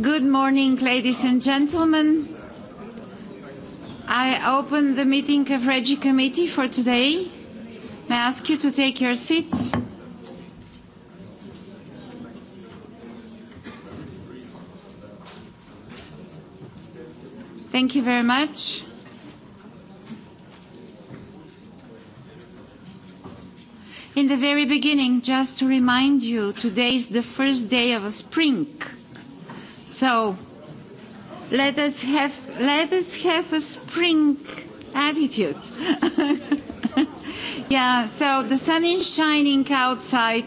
Good morning, ladies and gentlemen. I open the meeting of Regi Committee for today. May I ask you to take your seats? Thank you very much. In the very beginning, just to remind you, today is the first day of spring So let us have let us have a spring attitude. yeah, so the sun is shining outside,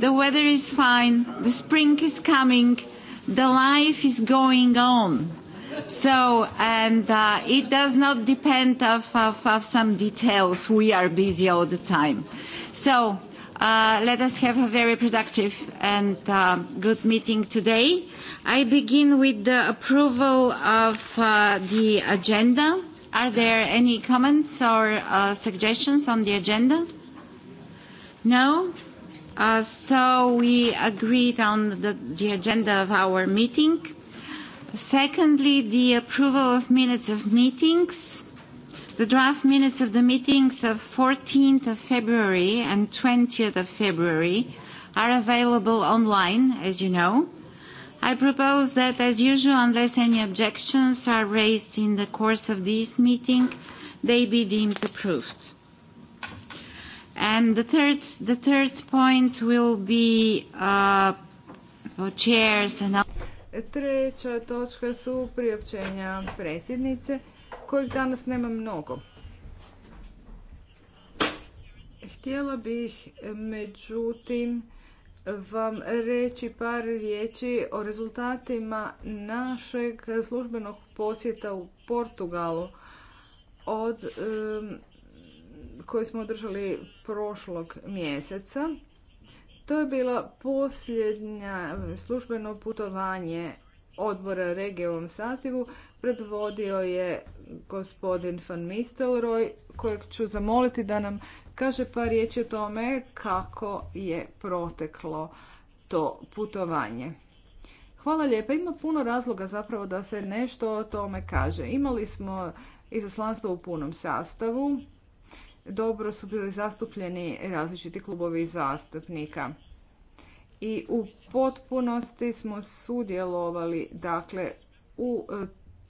the weather is fine, the spring is coming, the life is going on. So and uh, it does not depend of, of, of some details. We are busy all the time. So Uh, let us have a very productive and uh, good meeting today. I begin with the approval of uh, the agenda. Are there any comments or suggestions on the agenda? No? So we agreed on the agenda of our meeting. Secondly, the approval of minutes of meetings. The draft minutes of the meetings of 14th of February and 20th of February are available online, as you know. I propose that, as usual, unless any objections are raised in the course of this meeting, they be deemed approved. And the third, point will be uh, chairs and... Treća točka su priopćenja predsjednice kojih danas nema mnogo. Htjela bih međutim vam reći par riječi o rezultatima našeg službenog posjeta u Portugalu od koji smo održali prošlog mjeseca. To je bila posljednja službeno putovanje odbora regije u sazivu. Predvodio je gospodin Van Mistelroj, kojeg ću zamoliti da nam kaže par riječi o tome kako je proteklo to putovanje. Hvala lijepa. Ima puno razloga zapravo da se nešto o tome kaže. Imali smo izaslanstvo u punom sastavu. Dobro su bili zastupljeni različiti klubovi zastupnika. I u potpunosti smo sudjelovali dakle u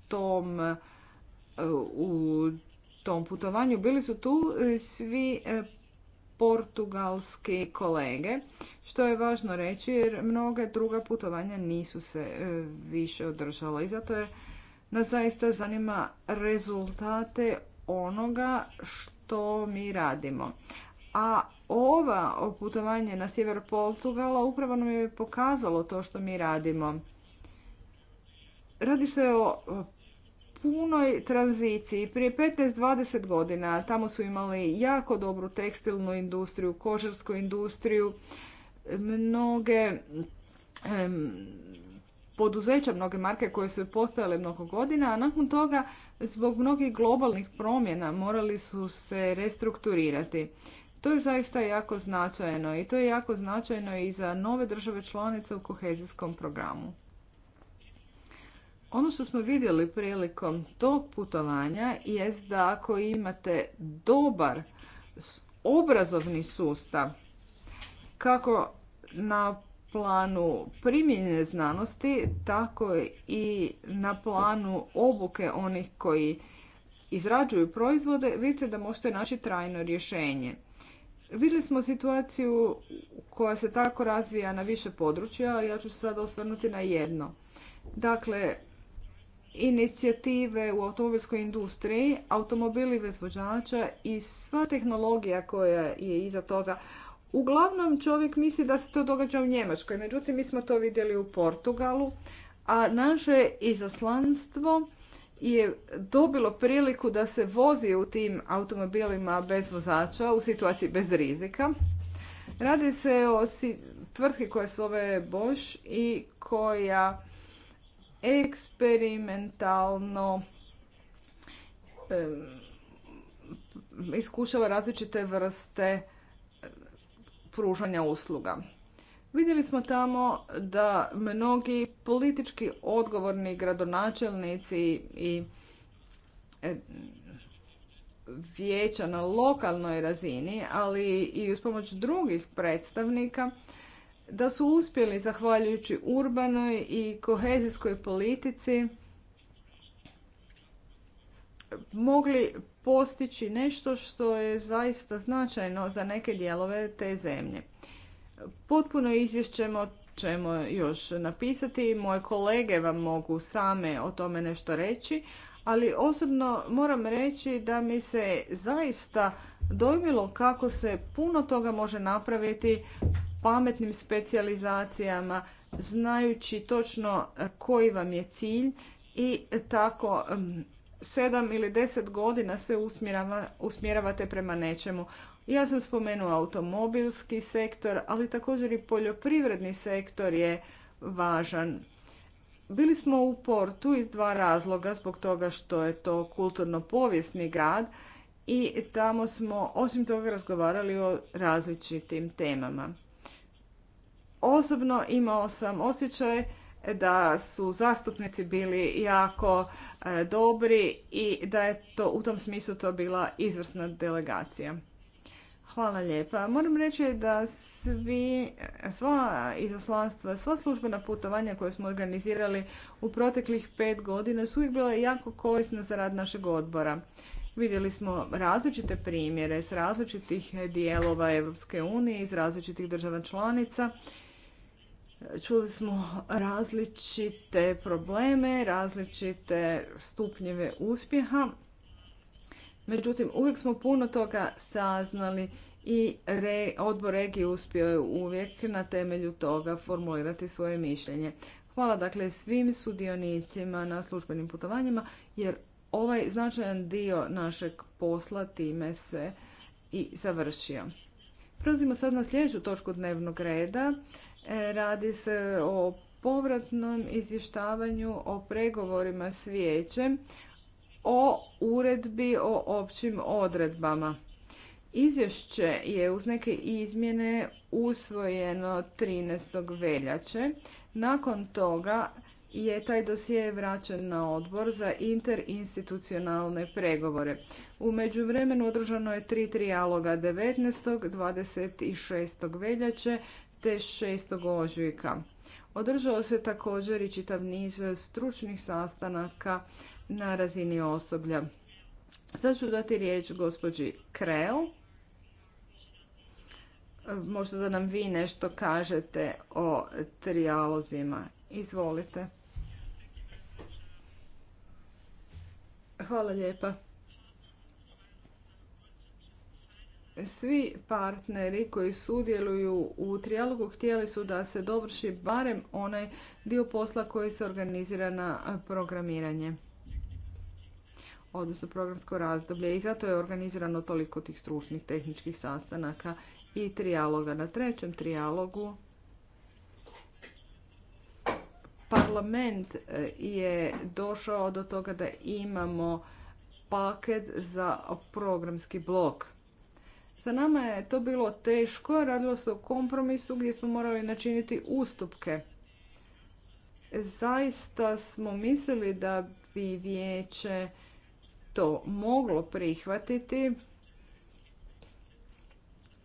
tom u tom putovanju. Bili su tu e, svi e, portugalski kolege, što je važno reći jer mnoga druga putovanja nisu se e, više održala i zato je nas zaista zanima rezultate onoga što mi radimo. A ova putovanje na sjever Portugala upravo nam je pokazalo to što mi radimo. Radi se o punoj tranziciji prije 15-20 godina. Tamo su imali jako dobru tekstilnu industriju, kožarsku industriju, mnoge poduzeća, mnoge marke koje su postojale mnogo godina, a nakon toga zbog mnogih globalnih promjena morali su se restrukturirati. To je zaista jako značajno i to je jako značajno i za nove države članice u kohezijskom programu. Ono što smo vidjeli prilikom tog putovanja jest da ako imate dobar obrazovni sustav, kako na planu primjenjene znanosti, tako i na planu obuke onih koji izrađuju proizvode, vidite da možete naći trajno rješenje. Vidjeli smo situaciju koja se tako razvija na više područja, ja ću se sada osvrnuti na jedno. Dakle, inicijative u automobilskoj industriji, automobili bez vođača i sva tehnologija koja je iza toga. Uglavnom čovjek misli da se to događa u Njemačkoj, međutim mi smo to vidjeli u Portugalu, a naše izaslanstvo je dobilo priliku da se vozi u tim automobilima bez vozača u situaciji bez rizika. Radi se o tvrtki koja se zove Bosch i koja eksperimentalno iskušava različite vrste pružanja usluga. Vidjeli smo tamo da mnogi politički odgovorni gradonačelnici i vijeća na lokalnoj razini, ali i uz pomoć drugih predstavnika da su uspjeli zahvaljujući urbanoj i kohezijskoj politici mogli postići nešto što je zaista značajno za neke dijelove te zemlje. Potpuno izvješćemo ćemo još napisati. Moje kolege vam mogu same o tome nešto reći, ali osobno moram reći da mi se zaista dojmilo kako se puno toga može napraviti pametnim specijalizacijama, znajući točno e, koji vam je cilj i tako sedam ili deset godina se usmjeravate prema nečemu. Ja sam spomenuo automobilski sektor, ali također i poljoprivredni sektor je važan. Bili smo u Portu iz dva razloga, zbog toga što je to kulturno-povijesni grad i tamo smo osim toga razgovarali o različitim temama. Osobno imao sam osjećaj da su zastupnici bili jako e, dobri i da je to u tom smislu to bila izvrsna delegacija. Hvala lijepa. Moram reći da svi, sva izaslanstva, sva službena putovanja koje smo organizirali u proteklih pet godina su uvijek bila jako korisna za rad našeg odbora. Vidjeli smo različite primjere s različitih dijelova Europske unije, iz različitih država članica Čuli smo različite probleme, različite stupnjeve uspjeha. Međutim, uvijek smo puno toga saznali i re, odbor regije uspio je uvijek na temelju toga formulirati svoje mišljenje. Hvala dakle svim sudionicima na službenim putovanjima jer ovaj značajan dio našeg posla time se i završio. Prelazimo sad na sljedeću točku dnevnog reda. E, radi se o povratnom izvještavanju o pregovorima s vijećem o uredbi o općim odredbama. Izvješće je uz neke izmjene usvojeno 13. veljače. Nakon toga je taj dosije vraćen na odbor za interinstitucionalne pregovore. U međuvremenu održano je tri trijaloga 19. 26. veljače te 6. ožujka. Održao se također i čitav niz stručnih sastanaka na razini osoblja. Sad ću dati riječ gospođi Krell. Možda da nam vi nešto kažete o trijalozima. Izvolite. Hvala lijepa. Svi partneri koji sudjeluju u trijalogu htjeli su da se dovrši barem onaj dio posla koji se organizira na programiranje, odnosno programsko razdoblje. I zato je organizirano toliko tih stručnih tehničkih sastanaka i trijaloga. Na trećem trijalogu parlament e, je došao do toga da imamo paket za programski blok. Za nama je to bilo teško, radilo se o kompromisu gdje smo morali načiniti ustupke. Zaista smo mislili da bi vijeće to moglo prihvatiti,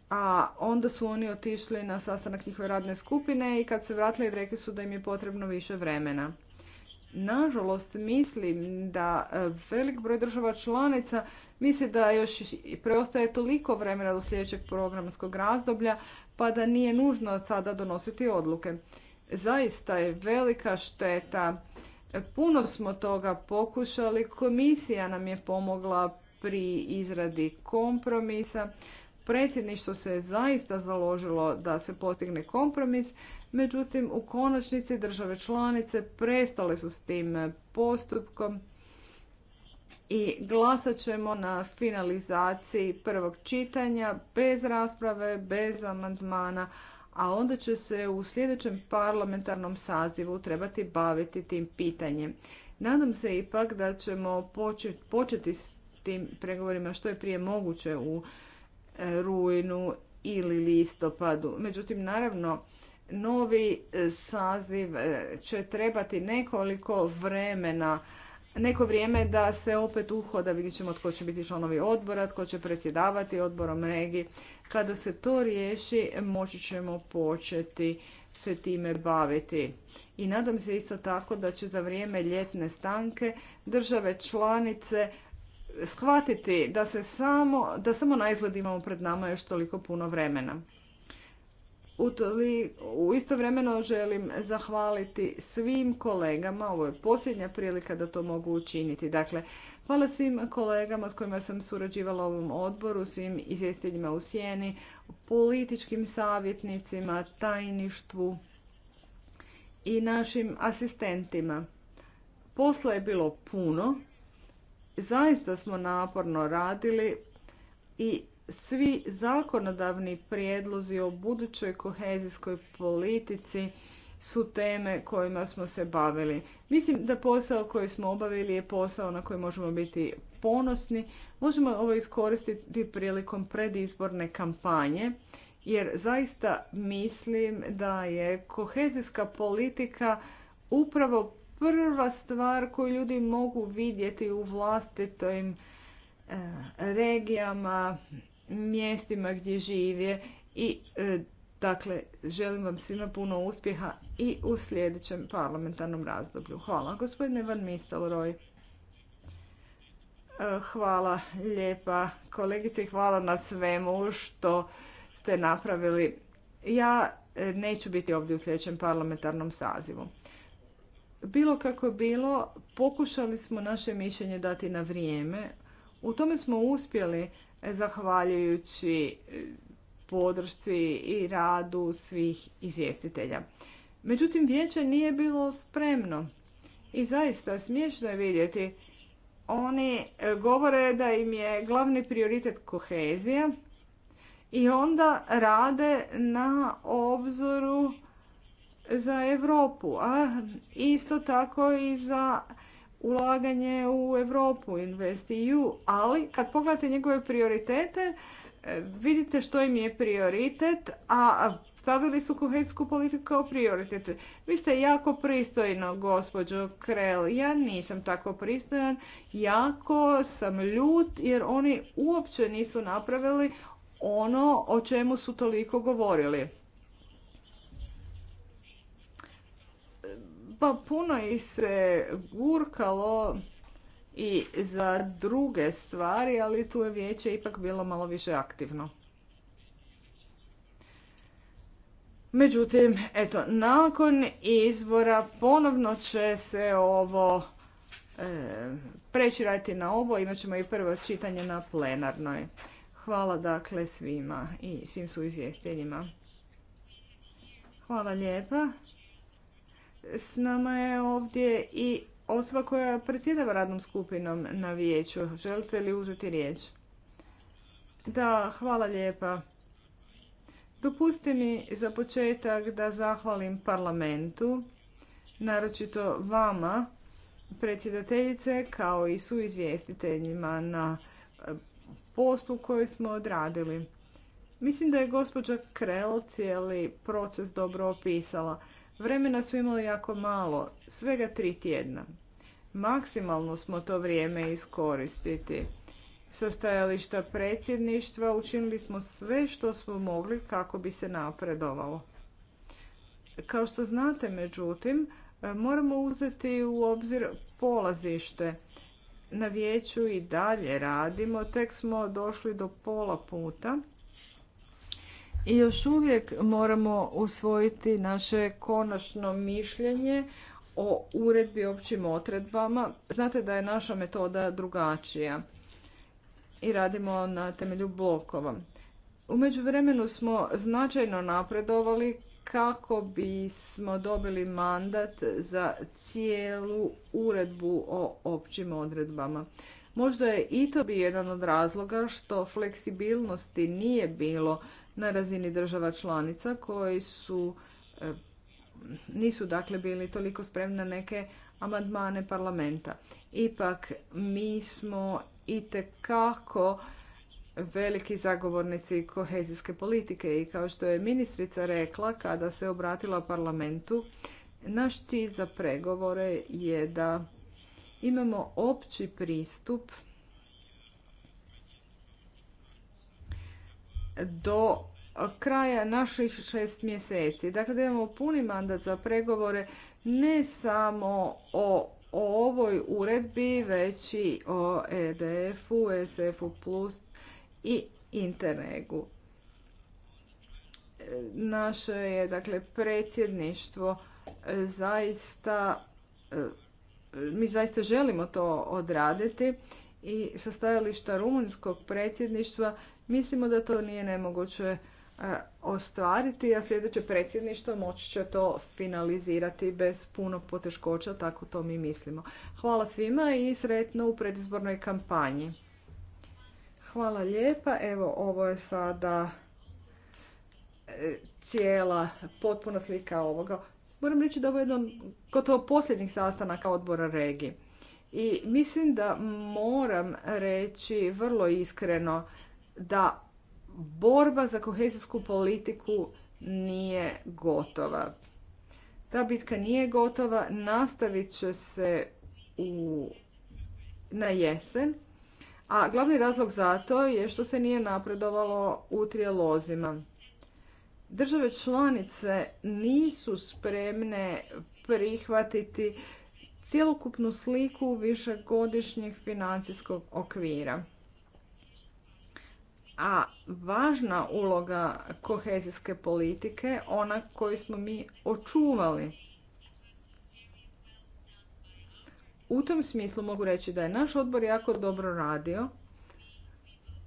a onda su oni otišli na sastanak njihove radne skupine i kad se vratili rekli su da im je potrebno više vremena. Nažalost, mislim da e, velik broj država članica misli da još preostaje toliko vremena do sljedećeg programskog razdoblja pa da nije nužno sada donositi odluke. Zaista je velika šteta. Puno smo toga pokušali. Komisija nam je pomogla pri izradi kompromisa. Predsjedništvo se zaista založilo da se postigne kompromis, međutim u konačnici države članice prestale su s tim postupkom i glasat ćemo na finalizaciji prvog čitanja bez rasprave, bez amandmana, a onda će se u sljedećem parlamentarnom sazivu trebati baviti tim pitanjem. Nadam se ipak da ćemo početi s tim pregovorima što je prije moguće u E, rujnu ili listopadu. Međutim, naravno, novi e, saziv e, će trebati nekoliko vremena neko vrijeme da se opet uhoda, vidjet ćemo tko će biti članovi odbora, tko će predsjedavati odborom regi. Kada se to riješi, moći ćemo početi se time baviti. I nadam se isto tako da će za vrijeme ljetne stanke države članice shvatiti da se samo, da samo na izgled imamo pred nama još toliko puno vremena. U, isto u želim zahvaliti svim kolegama, ovo je posljednja prilika da to mogu učiniti. Dakle, hvala svim kolegama s kojima sam surađivala u ovom odboru, svim izvjestiteljima u sjeni, političkim savjetnicima, tajništvu i našim asistentima. Posla je bilo puno, Zaista smo naporno radili i svi zakonodavni prijedlozi o budućoj kohezijskoj politici su teme kojima smo se bavili. Mislim da posao koji smo obavili je posao na koji možemo biti ponosni. Možemo ovo iskoristiti prilikom predizborne kampanje jer zaista mislim da je kohezijska politika upravo prva stvar koju ljudi mogu vidjeti u vlastitim e, regijama, mjestima gdje žive i e, dakle želim vam svima puno uspjeha i u sljedećem parlamentarnom razdoblju. Hvala gospodine Van Mistelroj. E, hvala lijepa kolegice i hvala na svemu što ste napravili. Ja neću biti ovdje u sljedećem parlamentarnom sazivu. Bilo kako bilo, pokušali smo naše mišljenje dati na vrijeme. U tome smo uspjeli e, zahvaljujući e, podršci i radu svih izvjestitelja. Međutim, vijeće nije bilo spremno. I zaista smiješno je vidjeti. Oni e, govore da im je glavni prioritet kohezija i onda rade na obzoru za Europu, a isto tako i za ulaganje u Europu, investiju. ali kad pogledate njegove prioritete, e, vidite što im je prioritet, a stavili su kohezijsku politiku kao prioritet. Vi ste jako pristojno, gospođo Krel. Ja nisam tako pristojan. Jako sam ljut jer oni uopće nisu napravili ono o čemu su toliko govorili. Pa puno ih se gurkalo i za druge stvari, ali tu je vijeće ipak bilo malo više aktivno. Međutim, eto, nakon izbora ponovno će se ovo e, preći raditi na ovo, imat ćemo i prvo čitanje na plenarnoj. Hvala dakle svima i svim su izvjestiteljima. Hvala lijepa. S nama je ovdje i osoba koja predsjedava radnom skupinom na vijeću. Želite li uzeti riječ? Da, hvala lijepa. Dopustite mi za početak da zahvalim parlamentu, naročito vama, predsjedateljice, kao i izvjestiteljima na e, poslu koji smo odradili. Mislim da je gospođa Krel cijeli proces dobro opisala. Vremena smo imali jako malo, svega tri tjedna. Maksimalno smo to vrijeme iskoristiti. Sa stajališta predsjedništva učinili smo sve što smo mogli kako bi se napredovalo. Kao što znate, međutim, moramo uzeti u obzir polazište. Na vijeću i dalje radimo, tek smo došli do pola puta i još uvijek moramo usvojiti naše konačno mišljenje o uredbi općim odredbama. Znate da je naša metoda drugačija i radimo na temelju blokova. U međuvremenu smo značajno napredovali kako bismo dobili mandat za cijelu uredbu o općim odredbama. Možda je i to bi jedan od razloga što fleksibilnosti nije bilo na razini država članica koji su e, nisu dakle bili toliko spremni na neke amandmane parlamenta. Ipak mi smo itekako veliki zagovornici kohezijske politike i kao što je ministrica rekla kada se obratila parlamentu, naš cilj za pregovore je da imamo opći pristup do kraja naših šest mjeseci. Dakle, imamo puni mandat za pregovore ne samo o, ovoj uredbi, već i o EDF-u, SF-u plus i Interregu. Naše je dakle predsjedništvo zaista mi zaista želimo to odraditi i sa stajališta rumunjskog predsjedništva Mislimo da to nije nemoguće e, ostvariti, a sljedeće predsjedništvo moći će to finalizirati bez puno poteškoća, tako to mi mislimo. Hvala svima i sretno u predizbornoj kampanji. Hvala lijepa. Evo, ovo je sada e, cijela potpuna slika ovoga. Moram reći da ovo je jedan gotovo posljednjih sastanaka odbora regije. I mislim da moram reći vrlo iskreno da borba za kohezijsku politiku nije gotova. Ta bitka nije gotova, nastavit će se na jesen, a glavni razlog za to je što se nije napredovalo u trijalozima. Države članice nisu spremne prihvatiti cjelokupnu sliku višegodišnjeg financijskog okvira a važna uloga kohezijske politike, ona koju smo mi očuvali. U tom smislu mogu reći da je naš odbor jako dobro radio,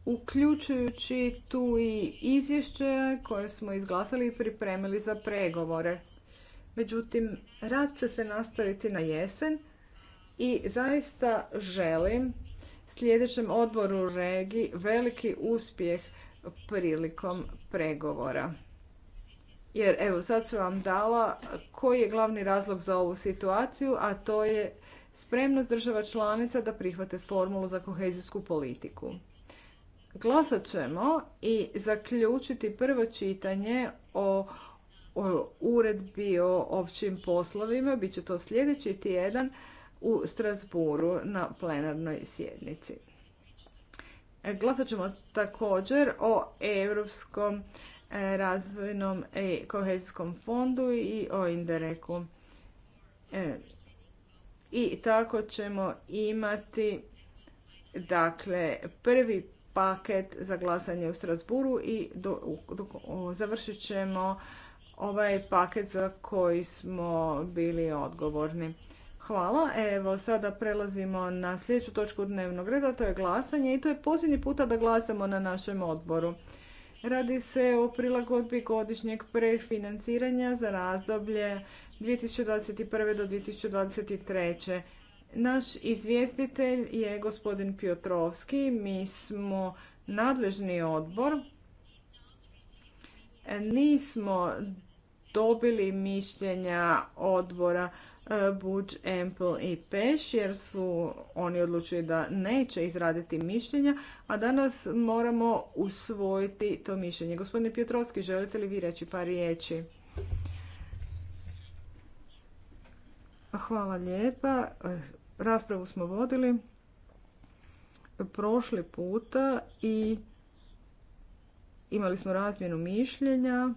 uključujući tu i izvješće koje smo izglasali i pripremili za pregovore. Međutim, rad će se nastaviti na jesen i zaista želim sljedećem odboru regi veliki uspjeh prilikom pregovora. Jer evo sad sam vam dala koji je glavni razlog za ovu situaciju, a to je spremnost država članica da prihvate formulu za kohezijsku politiku. Glasat ćemo i zaključiti prvo čitanje o, o uredbi o općim poslovima, bit će to sljedeći tjedan, u Strasburu na plenarnoj sjednici. E, glasat ćemo također o Europskom e, razvojnom i kohezijskom fondu i o Indereku. E, I tako ćemo imati dakle prvi paket za glasanje u Strasburu i do, završit ćemo ovaj paket za koji smo bili odgovorni. Hvala. Evo, sada prelazimo na sljedeću točku dnevnog reda, to je glasanje i to je posljednji puta da glasamo na našem odboru. Radi se o prilagodbi godišnjeg prefinanciranja za razdoblje 2021. do 2023. Naš izvjestitelj je gospodin Piotrovski. Mi smo nadležni odbor. Nismo dobili mišljenja odbora Buđ, Ample i Peš jer su oni odlučili da neće izraditi mišljenja, a danas moramo usvojiti to mišljenje. Gospodine Piotrovski, želite li vi reći par riječi? Hvala lijepa. Raspravu smo vodili prošli puta i imali smo razmjenu mišljenja.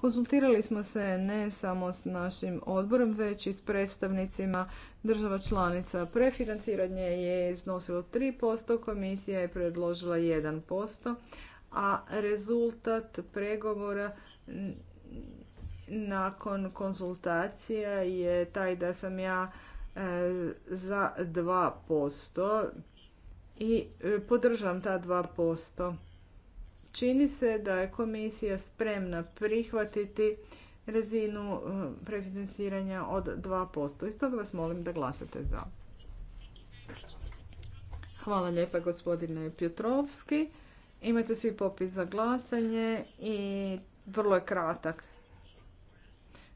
Konzultirali smo se ne samo s našim odborom, već i s predstavnicima država članica. Prefinanciranje je iznosilo 3%, komisija je predložila 1%, a rezultat pregovora nakon konzultacija je taj da sam ja e, za 2% i e, podržam ta 2%. Čini se da je komisija spremna prihvatiti razinu eh, prefinanciranja od 2%. Iz toga vas molim da glasate za. Hvala lijepa gospodine Pjotrovski. Imate svi popis za glasanje i vrlo je kratak.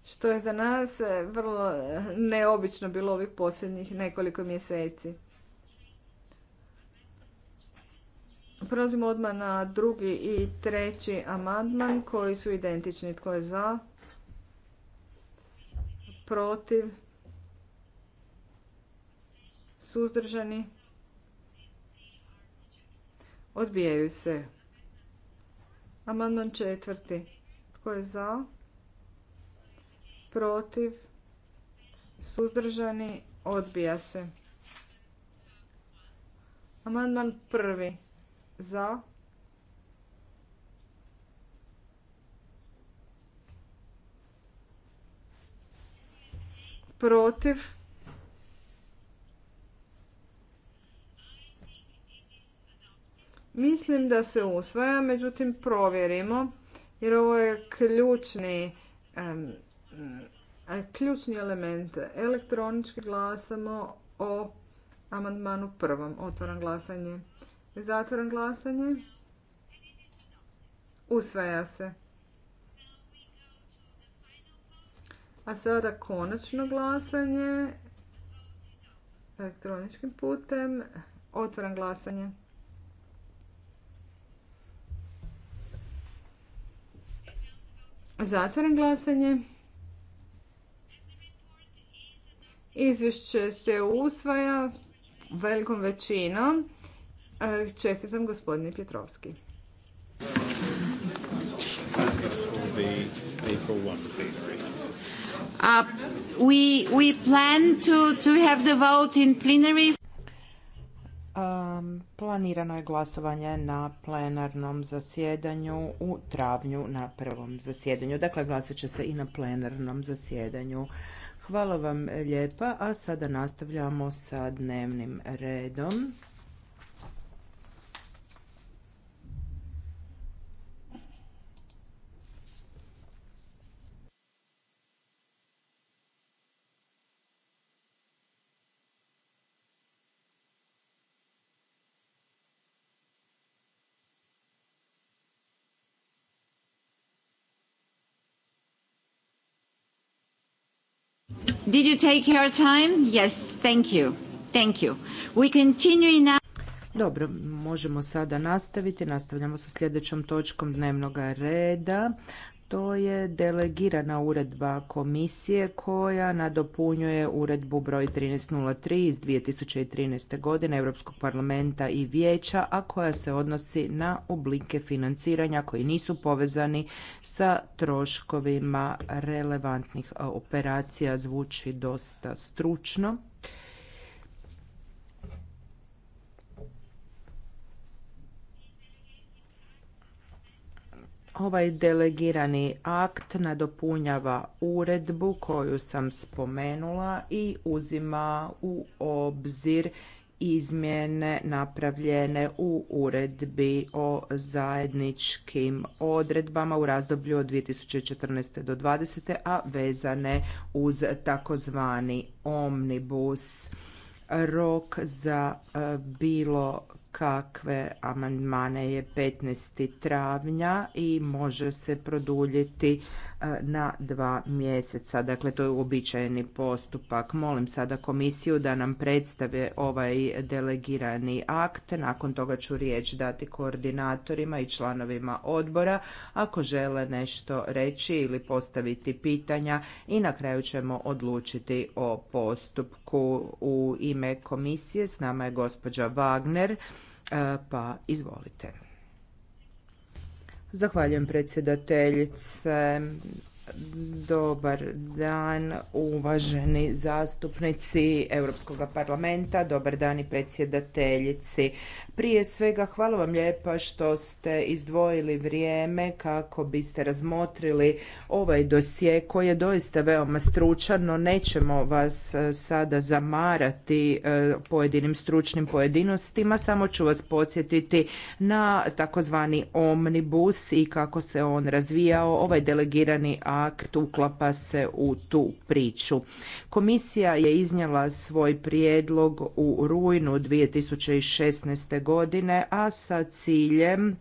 Što je za nas eh, vrlo eh, neobično bilo ovih posljednjih nekoliko mjeseci. Prelazimo odmah na drugi i treći amandman koji su identični. Tko je za? Protiv? Suzdržani? Odbijaju se. Amandman četvrti. Tko je za? Protiv? Suzdržani? Odbija se. Amandman prvi za protiv Mislim da se usvaja, međutim provjerimo jer ovo je ključni ključni element. Elektronički glasamo o amandmanu prvom. Otvaram glasanje. Zatvoram glasanje. Usvaja se. A sada konačno glasanje elektroničkim putem. Otvoram glasanje. Zatvoram glasanje. Izvješće se usvaja velikom većinom. Čestitam gospodine Pjetrovski. planirano je glasovanje na plenarnom zasjedanju u travnju na prvom zasjedanju. Dakle, glasat će se i na plenarnom zasjedanju. Hvala vam lijepa, a sada nastavljamo sa dnevnim redom. Did you take your time? Yes, thank you. Thank you. We continue now. Dobro, možemo sada nastaviti. Nastavljamo sa sljedećom točkom dnevnog reda. To je delegirana uredba komisije koja nadopunjuje uredbu broj 1303 iz 2013. godine Europskog parlamenta i vijeća, a koja se odnosi na oblike financiranja koji nisu povezani sa troškovima relevantnih operacija. Zvuči dosta stručno. Ovaj delegirani akt nadopunjava uredbu koju sam spomenula i uzima u obzir izmjene napravljene u uredbi o zajedničkim odredbama u razdoblju od 2014. do 2020. a vezane uz takozvani omnibus rok za e, bilo kakve amandmane je 15. travnja i može se produljiti E, na dva mjeseca. Dakle, to je uobičajeni postupak. Molim sada komisiju da nam predstave ovaj delegirani akt. Nakon toga ću riječ dati koordinatorima i članovima odbora ako žele nešto reći ili postaviti pitanja i na kraju ćemo odlučiti o postupku u ime komisije. S nama je gospođa Wagner, e, pa izvolite. Zahvaljujem predsjedateljice. Dobar dan, uvaženi zastupnici Europskog parlamenta, dobar dan i predsjedateljici. Prije svega hvala vam lijepa što ste izdvojili vrijeme kako biste razmotrili ovaj dosje koji je doista veoma stručan, no nećemo vas e, sada zamarati e, pojedinim stručnim pojedinostima, samo ću vas podsjetiti na takozvani omnibus i kako se on razvijao. Ovaj delegirani akt uklapa se u tu priču. Komisija je iznijela svoj prijedlog u rujnu 2016 godine, a sa ciljem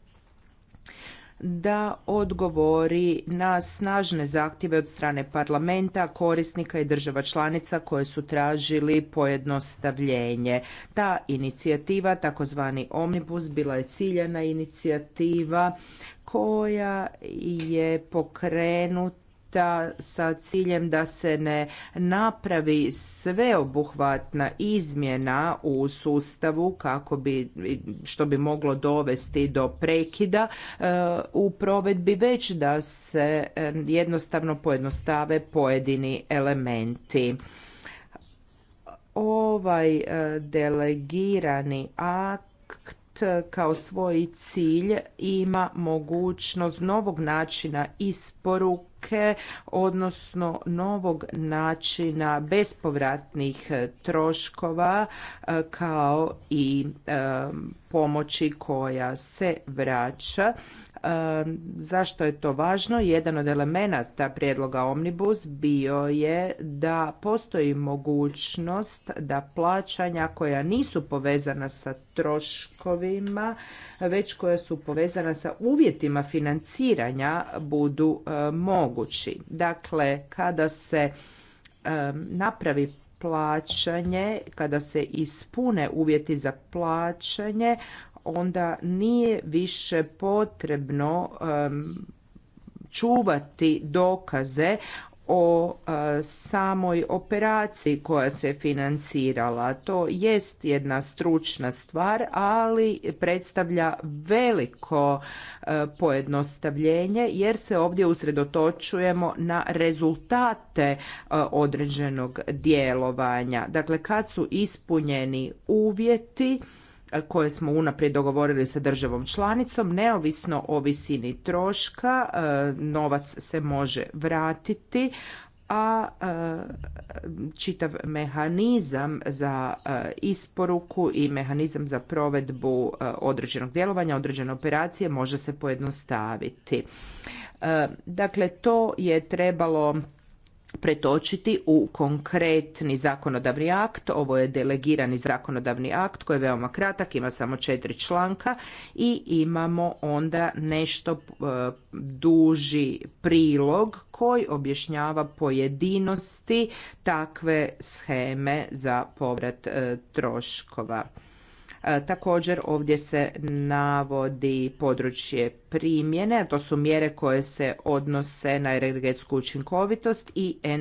da odgovori na snažne zahtjeve od strane parlamenta, korisnika i država članica koje su tražili pojednostavljenje. Ta inicijativa, takozvani Omnibus, bila je ciljena inicijativa koja je pokrenuta projekta sa ciljem da se ne napravi sveobuhvatna izmjena u sustavu kako bi, što bi moglo dovesti do prekida e, u provedbi, već da se e, jednostavno pojednostave pojedini elementi ovaj e, delegirani akt E, kao svoj cilj ima mogućnost novog načina isporuke odnosno novog načina bespovratnih e, troškova e, kao i pomoći koja se vraća Zašto je to važno? Jedan od elemenata prijedloga Omnibus bio je da postoji mogućnost da plaćanja koja nisu povezana sa troškovima, već koja su povezana sa uvjetima financiranja budu e, mogući. Dakle, kada se napravi plaćanje, kada se ispune uvjeti za plaćanje, onda nije više potrebno čuvati dokaze o e, samoj operaciji koja se financirala. To jest jedna stručna stvar, ali predstavlja veliko e, pojednostavljenje jer se ovdje usredotočujemo na rezultate e, određenog djelovanja. Dakle, kad su ispunjeni uvjeti, koje smo unaprijed dogovorili sa državom članicom, neovisno o visini troška, e, novac se može vratiti, a e, čitav mehanizam za e, isporuku i mehanizam za provedbu određenog djelovanja, određene operacije može se pojednostaviti. Dakle, to je trebalo pretočiti u konkretni zakonodavni akt. Ovo je delegirani zakonodavni akt koji je veoma kratak, ima samo četiri članka i imamo onda nešto e, duži prilog koji objašnjava pojedinosti takve sheme za povrat e, troškova. E, također ovdje se navodi područje primjene, to su mjere koje se odnose na energetsku učinkovitost i e,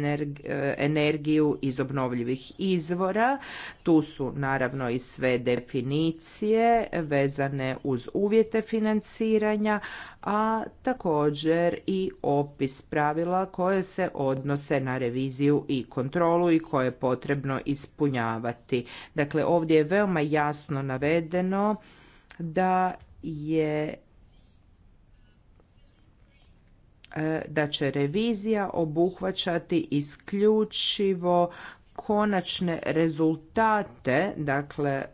energiju iz obnovljivih izvora. Tu su naravno i sve definicije vezane uz uvjete financiranja, a također i opis pravila koje se odnose na reviziju i kontrolu i koje je potrebno ispunjavati. Dakle, ovdje je veoma jasno navedeno da je E, da će revizija obuhvaćati isključivo konačne rezultate, dakle e,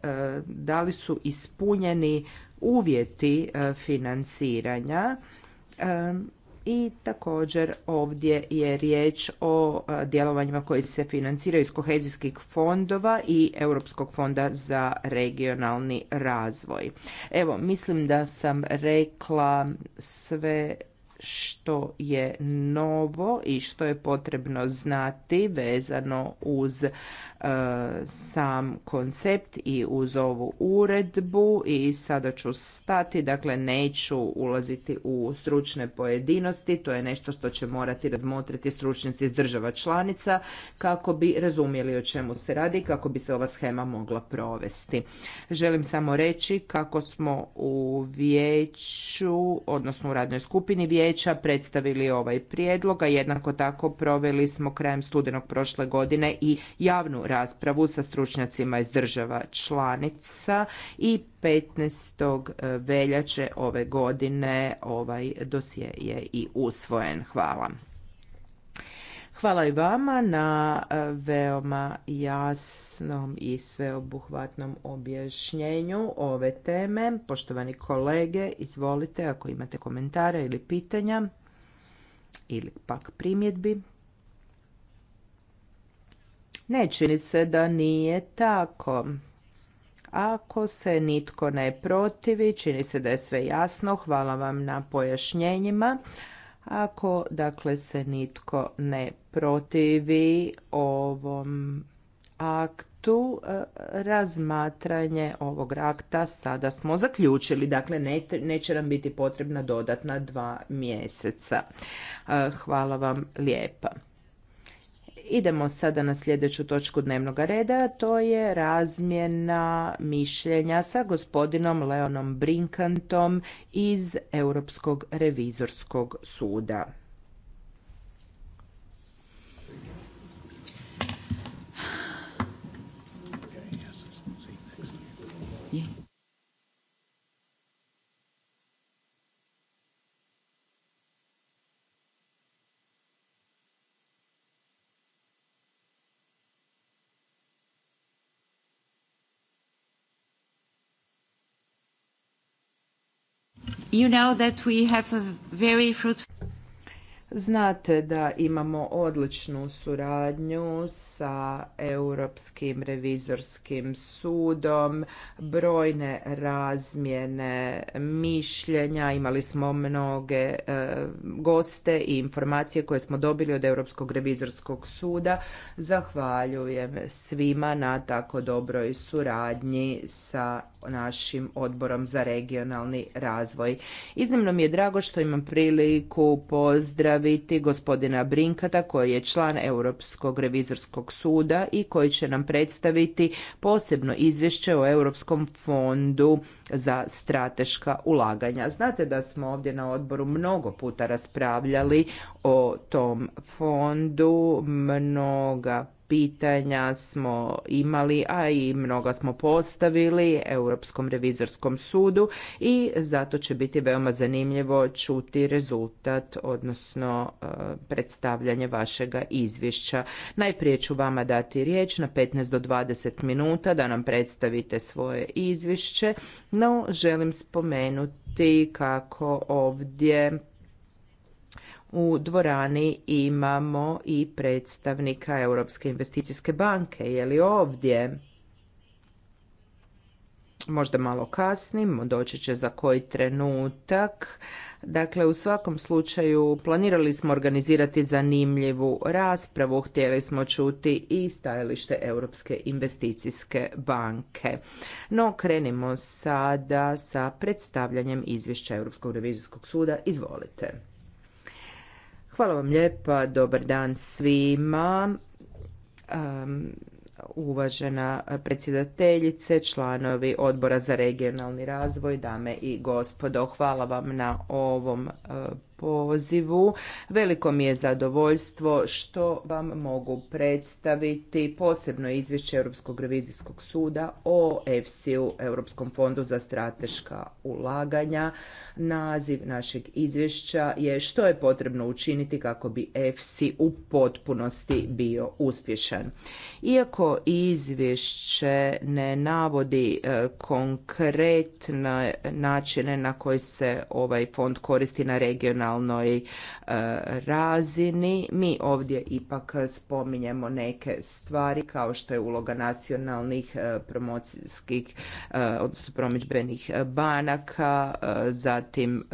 da li su ispunjeni uvjeti e, financiranja i također ovdje je riječ o djelovanjima koji se financiraju iz kohezijskih fondova i Europskog fonda za regionalni razvoj. Evo, mislim da sam rekla sve što je novo i što je potrebno znati vezano uz e, sam koncept i uz ovu uredbu i sada ću stati, dakle neću ulaziti u stručne pojedinosti, to je nešto što će morati razmotriti stručnjaci iz država članica kako bi razumjeli o čemu se radi, kako bi se ova schema mogla provesti. Želim samo reći kako smo u vijeću, odnosno u radnoj skupini vijeća vijeća predstavili ovaj prijedlog, a jednako tako proveli smo krajem studenog prošle godine i javnu raspravu sa stručnjacima iz država članica i 15. E, veljače ove godine ovaj dosje je i usvojen. Hvala. Hvala i vama na e, veoma jasnom i sveobuhvatnom objašnjenju ove teme. Poštovani kolege, izvolite ako imate komentare ili pitanja ili pak primjedbi. Ne čini se da nije tako. Ako se nitko ne protivi, čini se da je sve jasno. Hvala vam na pojašnjenjima. Ako dakle se nitko ne protivi ovom aktu, e, razmatranje ovog akta sada smo zaključili. Dakle, neće nam biti potrebna dodatna dva mjeseca. E, hvala vam lijepa. Idemo sada na sljedeću točku dnevnog reda, to je razmjena mišljenja sa gospodinom Leonom Brinkantom iz Europskog revizorskog suda. You know that we have a very fruitful Znate da imamo odličnu suradnju sa Europskim revizorskim sudom, brojne razmjene mišljenja, imali smo mnoge e, goste i informacije koje smo dobili od Europskog revizorskog suda. Zahvaljujem svima na tako dobroj suradnji sa našim odborom za regionalni razvoj. Iznimno mi je drago što imam priliku pozdraviti biti gospodina Brinkata koji je član Europskog revizorskog suda i koji će nam predstaviti posebno izvješće o Europskom fondu za strateška ulaganja. Znate da smo ovdje na odboru mnogo puta raspravljali o tom fondu, mnoga pitanja smo imali, a i mnoga smo postavili Europskom revizorskom sudu i zato će biti veoma zanimljivo čuti rezultat, odnosno e, predstavljanje vašega izvješća. Najprije ću vama dati riječ na 15 do 20 minuta da nam predstavite svoje izvješće, no želim spomenuti kako ovdje u dvorani imamo i predstavnika Europske investicijske banke. Je li ovdje? Možda malo kasnimo, doći će za koji trenutak. Dakle, u svakom slučaju planirali smo organizirati zanimljivu raspravu. Htjeli smo čuti i stajalište Europske investicijske banke. No, krenimo sada sa predstavljanjem izvješća Europskog revizijskog suda. Izvolite. Hvala vam lijepa, dobar dan svima. uvažena predsjedateljice, članovi Odbora za regionalni razvoj, dame i gospodo. Hvala vam na ovom pozivu. Veliko mi je zadovoljstvo što vam mogu predstaviti posebno izvješće Europskog revizijskog suda o EFSI-u, Europskom fondu za strateška ulaganja. Naziv našeg izvješća je što je potrebno učiniti kako bi EFSI u potpunosti bio uspješan. Iako izvješće ne navodi e, konkretne načine na koje se ovaj fond koristi na regionalnom nacionalnoj e, razini. Mi ovdje ipak spominjemo neke stvari kao što je uloga nacionalnih e, promocijskih, e, odnosno promidžbenih banaka, zatim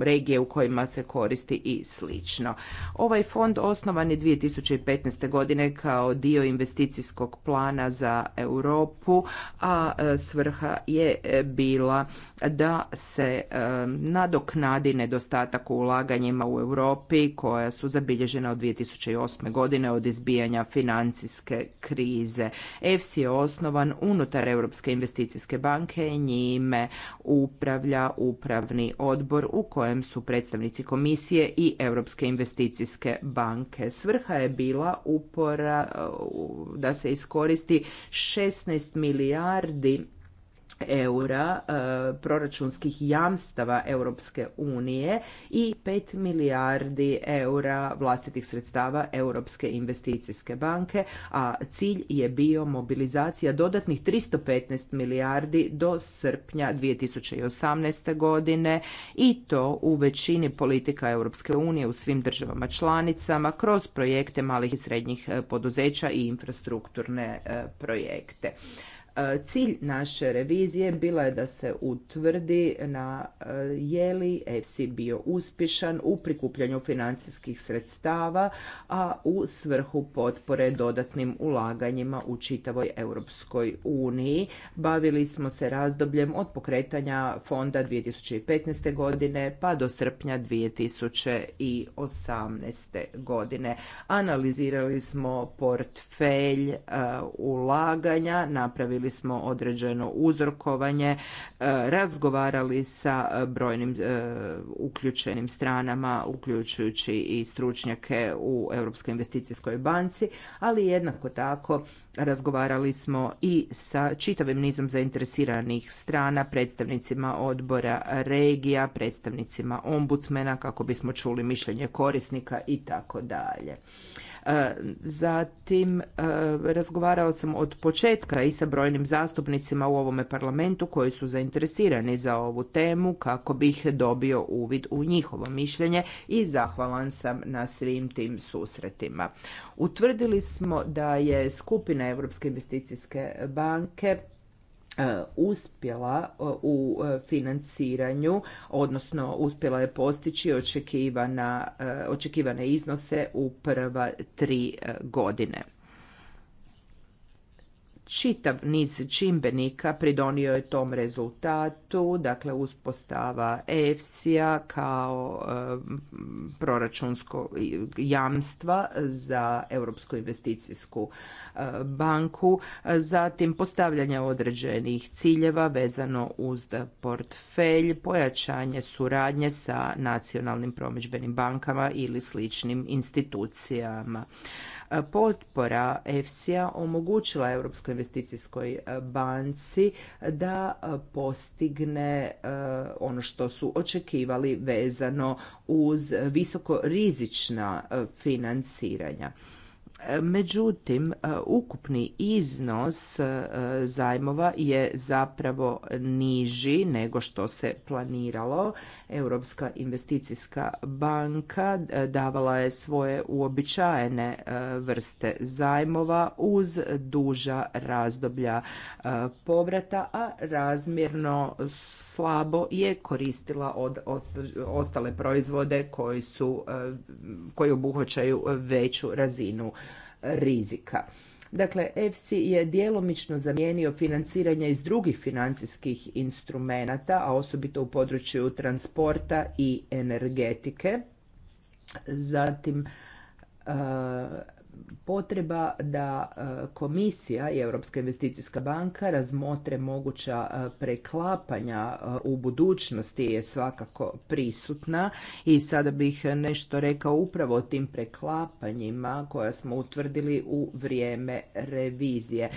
regije u kojima se koristi i slično. Ovaj fond osnovan je 2015. godine kao dio investicijskog plana za Europu, a svrha je bila da se e, nadoknadi nedostatak u ulaganjima u Europi koja su zabilježena od 2008. godine od izbijanja financijske krize. EFSI je osnovan unutar Europske investicijske banke i njime upravlja upravni odbor u kojem su predstavnici komisije i Europske investicijske banke. Svrha je bila upora da se iskoristi 16 milijardi eura e, proračunskih jamstava Europske unije i 5 milijardi eura vlastitih sredstava Europske investicijske banke, a cilj je bio mobilizacija dodatnih 315 milijardi do srpnja 2018. godine i to u većini politika Europske unije u svim državama članicama kroz projekte malih i srednjih e, poduzeća i infrastrukturne e, projekte. E, cilj naše revizije bila je da se utvrdi na e, je li EFSI bio uspješan u prikupljanju financijskih sredstava, a u svrhu potpore dodatnim ulaganjima u čitavoj Europskoj uniji. Bavili smo se razdobljem od pokretanja fonda 2015. godine pa do srpnja 2018. godine. Analizirali smo portfelj e, ulaganja, napravili smo određeno uzorkovanje, e, razgovarali sa e, brojnim e, uključenim stranama, uključujući i stručnjake u Europskoj investicijskoj banci, ali jednako tako razgovarali smo i sa čitavim nizom zainteresiranih strana, predstavnicima odbora regija, predstavnicima ombudsmena kako bismo čuli mišljenje korisnika i tako dalje. E, zatim e, razgovarao sam od početka i sa brojnim zastupnicima u ovome parlamentu koji su zainteresirani za ovu temu kako bih dobio uvid u njihovo mišljenje i zahvalan sam na svim tim susretima. Utvrdili smo da je skupina Europske investicijske banke E, uspjela e, u e, financiranju, odnosno uspjela je postići očekivana, očekivane iznose u prva tri godine čitav niz čimbenika pridonio je tom rezultatu, dakle uspostava EFSI-a kao proračunsko jamstva za Europsku investicijsku banku, zatim postavljanje određenih ciljeva vezano uz portfelj, pojačanje suradnje sa nacionalnim promidžbenim bankama ili sličnim institucijama. E, potpora EFSI-a omogućila Europskoj investicijskoj e, banci da e, postigne ono što su očekivali vezano uz visokorizična financiranja. Međutim, e, ukupni iznos e, zajmova je zapravo niži nego što se planiralo. Europska investicijska banka e, davala je svoje uobičajene vrste zajmova uz duža razdoblja povrata, a razmjerno slabo je koristila od ostale proizvode koji su koji obuhvaćaju veću razinu rizika. Dakle, FC je djelomično zamijenio financiranje iz drugih financijskih instrumenata, a osobito u području transporta i energetike. Zatim, e, potreba da e, komisija i Europska investicijska banka razmotre moguća e, preklapanja e, u budućnosti je svakako prisutna i sada bih nešto rekao upravo o tim preklapanjima koja smo utvrdili u vrijeme revizije.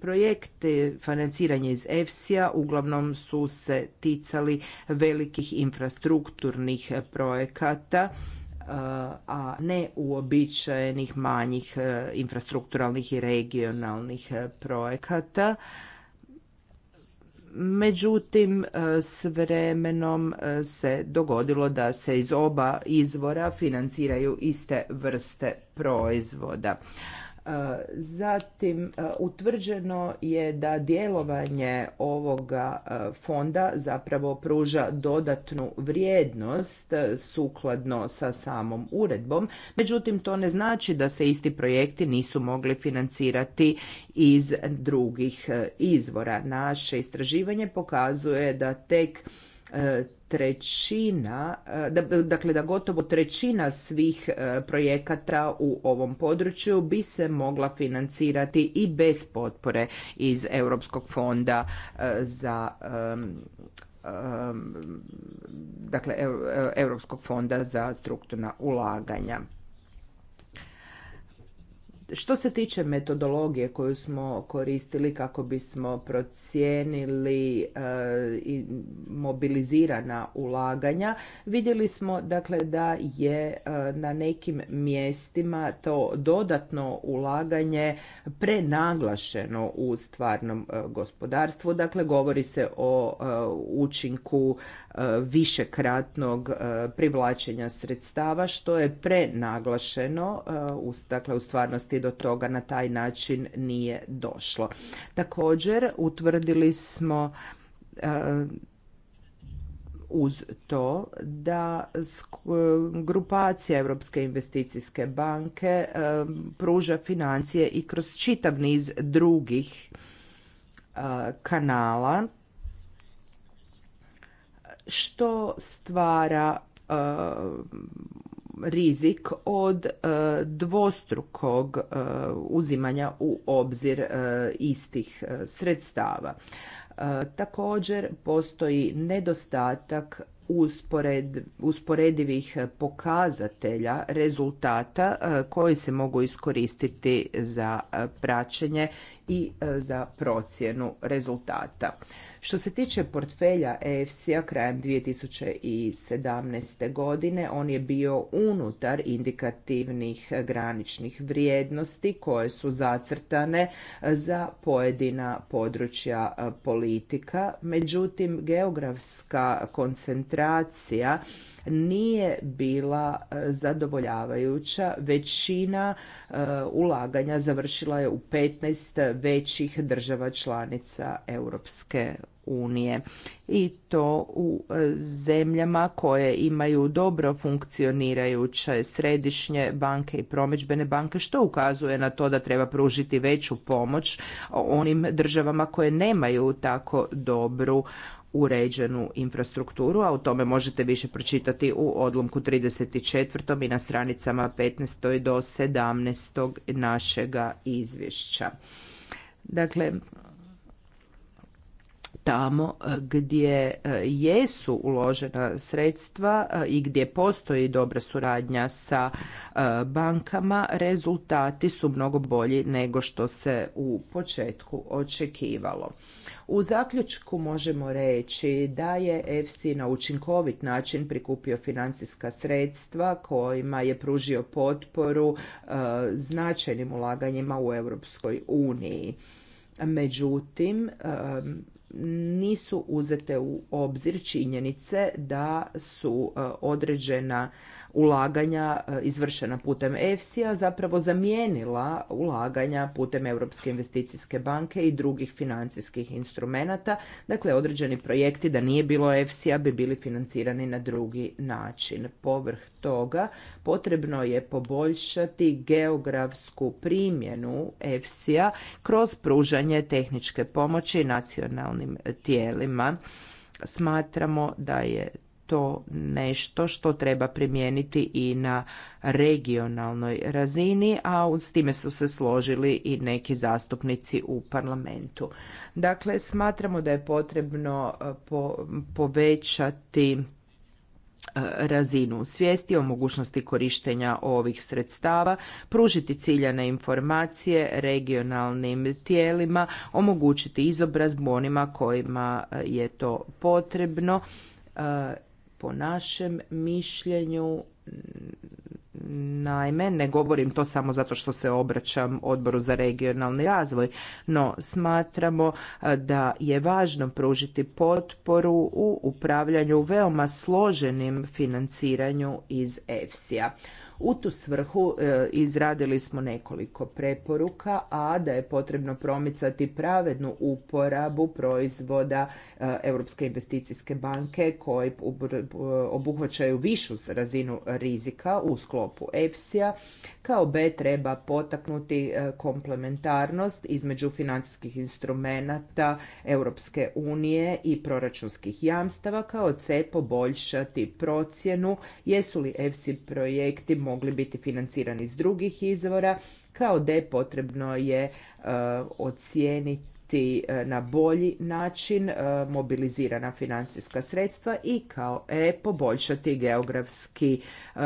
Projekte financiranja iz EFSI-a uglavnom su se ticali velikih infrastrukturnih projekata a ne uobičajenih manjih e, infrastrukturalnih i regionalnih e, projekata. Međutim, e, s vremenom se dogodilo da se iz oba izvora financiraju iste vrste proizvoda. Zatim, e, utvrđeno je da djelovanje ovoga e, fonda zapravo pruža dodatnu vrijednost e, sukladno sa samom uredbom. Međutim, to ne znači da se isti projekti nisu mogli financirati iz drugih izvora. Naše istraživanje pokazuje da tek trećina, e, dakle da gotovo trećina svih e, projekata u ovom području bi se mogla financirati i bez potpore iz Europskog fonda e, za dakle Europskog fonda za strukturna ulaganja. Što se tiče metodologije koju smo koristili kako bismo procijenili e, i mobilizirana ulaganja, vidjeli smo dakle da je e, na nekim mjestima to dodatno ulaganje prenaglašeno u stvarnom e, gospodarstvu. Dakle, govori se o učinku višekratnog privlačenja sredstava što je prenaglašeno dakle, u stvarnosti do toga na taj način nije došlo. Također utvrdili smo e, uz to da grupacija Europske investicijske banke e, pruža financije i kroz čitav niz drugih e, kanala što stvara rizik od e, dvostrukog e, uzimanja u obzir e, istih sredstava. Također postoji nedostatak uspored, usporedivih pokazatelja rezultata koji se mogu iskoristiti za praćenje i e, za procjenu rezultata. Što se tiče portfelja EFSI-a krajem 2017. godine, on je bio unutar indikativnih graničnih vrijednosti koje su zacrtane za pojedina područja e, politika. Međutim, geografska koncentracija nije bila e, zadovoljavajuća. Većina e, ulaganja završila je u 15 većih država članica Europske unije i to u e, zemljama koje imaju dobro funkcionirajuće središnje banke i promidžbene banke što ukazuje na to da treba pružiti veću pomoć onim državama koje nemaju tako dobru uređenu infrastrukturu, a o tome možete više pročitati u odlomku 34. i na stranicama 15. do 17. našega izvješća. Dakle, tamo e, gdje e, jesu uložena sredstva e, i gdje postoji dobra suradnja sa bankama, rezultati su mnogo bolji nego što se u početku očekivalo. U zaključku možemo reći da je EFSI na učinkovit način prikupio financijska sredstva kojima je pružio potporu e, značajnim ulaganjima u Europskoj uniji. Međutim, e, nisu uzete u obzir činjenice da su e, određena ulaganja e, izvršena putem EFSI-a zapravo zamijenila ulaganja putem Europske investicijske banke i drugih financijskih instrumenata. Dakle, određeni projekti da nije bilo EFSI-a bi bili financirani na drugi način. Povrh toga potrebno je poboljšati geografsku primjenu EFSI-a kroz pružanje tehničke pomoći nacionalnim tijelima. Smatramo da je to nešto što treba primijeniti i na regionalnoj razini, a s time su se složili i neki zastupnici u parlamentu. Dakle, smatramo da je potrebno e, povećati e, razinu svijesti o mogućnosti korištenja ovih sredstava, pružiti ciljane informacije regionalnim tijelima, omogućiti izobrazbu onima kojima e, je to potrebno po našem mišljenju, naime, ne govorim to samo zato što se obraćam odboru za regionalni razvoj, no smatramo e, da je važno pružiti potporu u upravljanju veoma složenim financiranju iz EFSI-a. U tu svrhu e, izradili smo nekoliko preporuka, a da je potrebno promicati pravednu uporabu proizvoda e, Europske investicijske banke koji e, obuhvaćaju višu razinu rizika u sklopu EFSI-a, kao B treba potaknuti e, komplementarnost između financijskih instrumenata Europske unije i proračunskih jamstava, kao C poboljšati procjenu jesu li EFSI projekti mogli biti financirani iz drugih izvora, kao D potrebno je e, ocijeniti biti e, na bolji način e, mobilizirana financijska sredstva i kao E poboljšati geografski, e,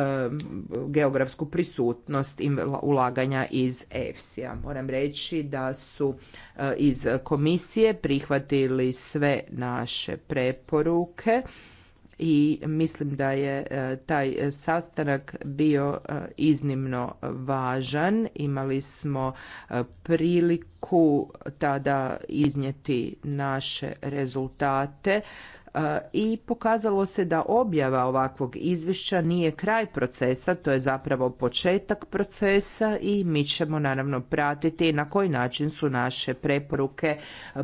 geografsku prisutnost ulaganja iz EFSI-a. Moram reći da su iz komisije prihvatili sve naše preporuke i mislim da je e, taj sastanak bio e, iznimno važan. Imali smo e, priliku tada iznijeti naše rezultate i pokazalo se da objava ovakvog izvješća nije kraj procesa, to je zapravo početak procesa i mi ćemo naravno pratiti na koji način su naše preporuke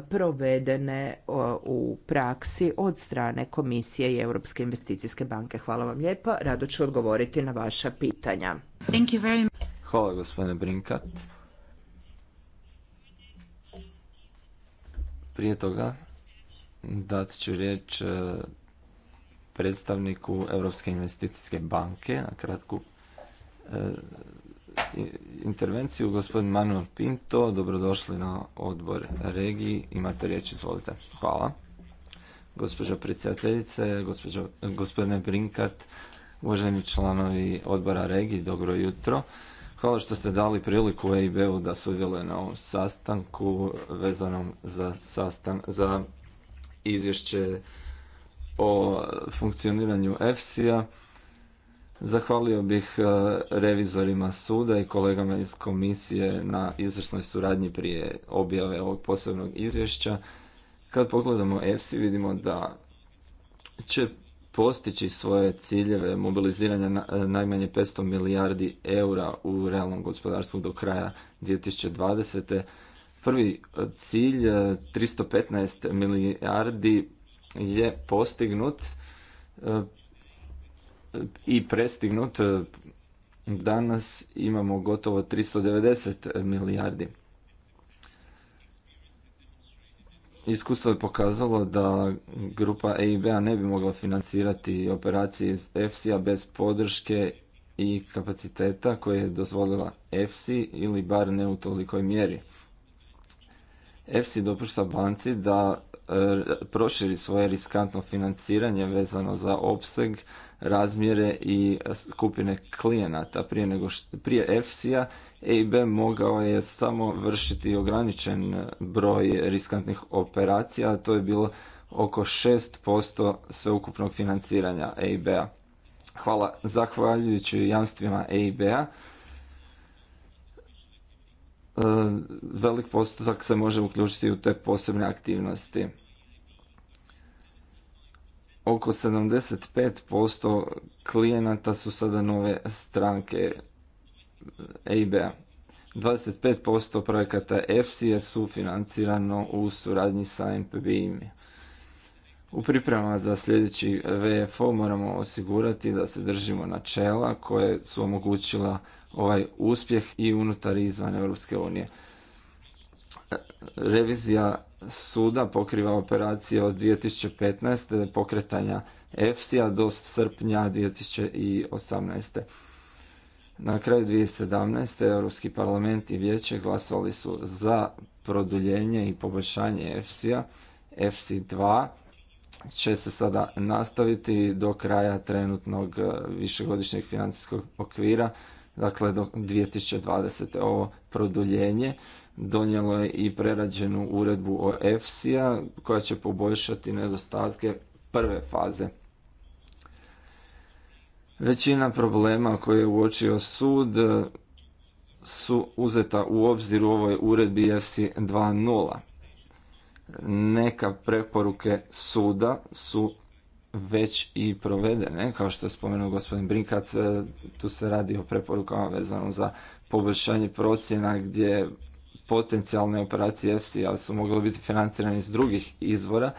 provedene u praksi od strane Komisije i Europske investicijske banke. Hvala vam lijepa, rado ću odgovoriti na vaša pitanja. Hvala gospodine Brinkat. Prije toga dat ću riječ e, predstavniku Europske investicijske banke na kratku e, intervenciju. Gospodin Manuel Pinto, dobrodošli na odbor regiji. Imate riječ, izvolite. Hvala. Gospođo predsjedateljice, gospodine Brinkat, uvaženi članovi odbora regiji, dobro jutro. Hvala što ste dali priliku EIB-u da sudjeluje na ovom sastanku vezanom za, sastan, za izvješće o funkcioniranju EFSI-a. Zahvalio bih e, revizorima suda i kolegama iz komisije na izvrsnoj suradnji prije objave ovog posebnog izvješća. Kad pogledamo EFSI vidimo da će postići svoje ciljeve mobiliziranja e, najmanje 500 milijardi eura u realnom gospodarstvu do kraja 2020. Prvi e, cilj 315 e, milijardi je postignut e, i prestignut. Danas imamo gotovo 390 milijardi. Iskustvo je pokazalo da grupa EIB-a ne bi mogla financirati operacije iz EFSI-a bez podrške i kapaciteta koje je dozvolila EFSI ili bar ne u tolikoj mjeri. EFSI dopušta banci da e, proširi svoje riskantno financiranje vezano za opseg, razmjere i skupine klijenata. Prije, nego prije EFSI-a EIB mogao je samo vršiti ograničen broj riskantnih operacija, a to je bilo oko 6% sveukupnog financiranja EIB-a. Hvala, zahvaljujući jamstvima EIB-a E, velik postotak se može uključiti u te posebne aktivnosti. Oko 75% klijenata su sada nove stranke EIB-a. 25% projekata EFSI je financirano u suradnji sa mpb u pripremama za sljedeći VFO moramo osigurati da se držimo načela koje su omogućila ovaj uspjeh i unutar i izvan Europske unije. Revizija suda pokriva operacije od 2015. pokretanja EFSI-a do srpnja 2018. Na kraju 2017. Europski parlament i vijeće glasovali su za produljenje i poboljšanje EFSI-a, EFSI 2 će se sada nastaviti do kraja trenutnog e, višegodišnjeg financijskog okvira, dakle do 2020. ovo produljenje donijelo je i prerađenu uredbu o EFSI-a koja će poboljšati nedostatke prve faze. Većina problema koje je uočio sud e, su uzeta u obzir u ovoj uredbi EFSI 2.0 neka preporuke suda su već i provedene, kao što je spomenuo gospodin Brinkat, e, tu se radi o preporukama vezano za poboljšanje procjena gdje potencijalne operacije FCA su mogle biti financirane iz drugih izvora.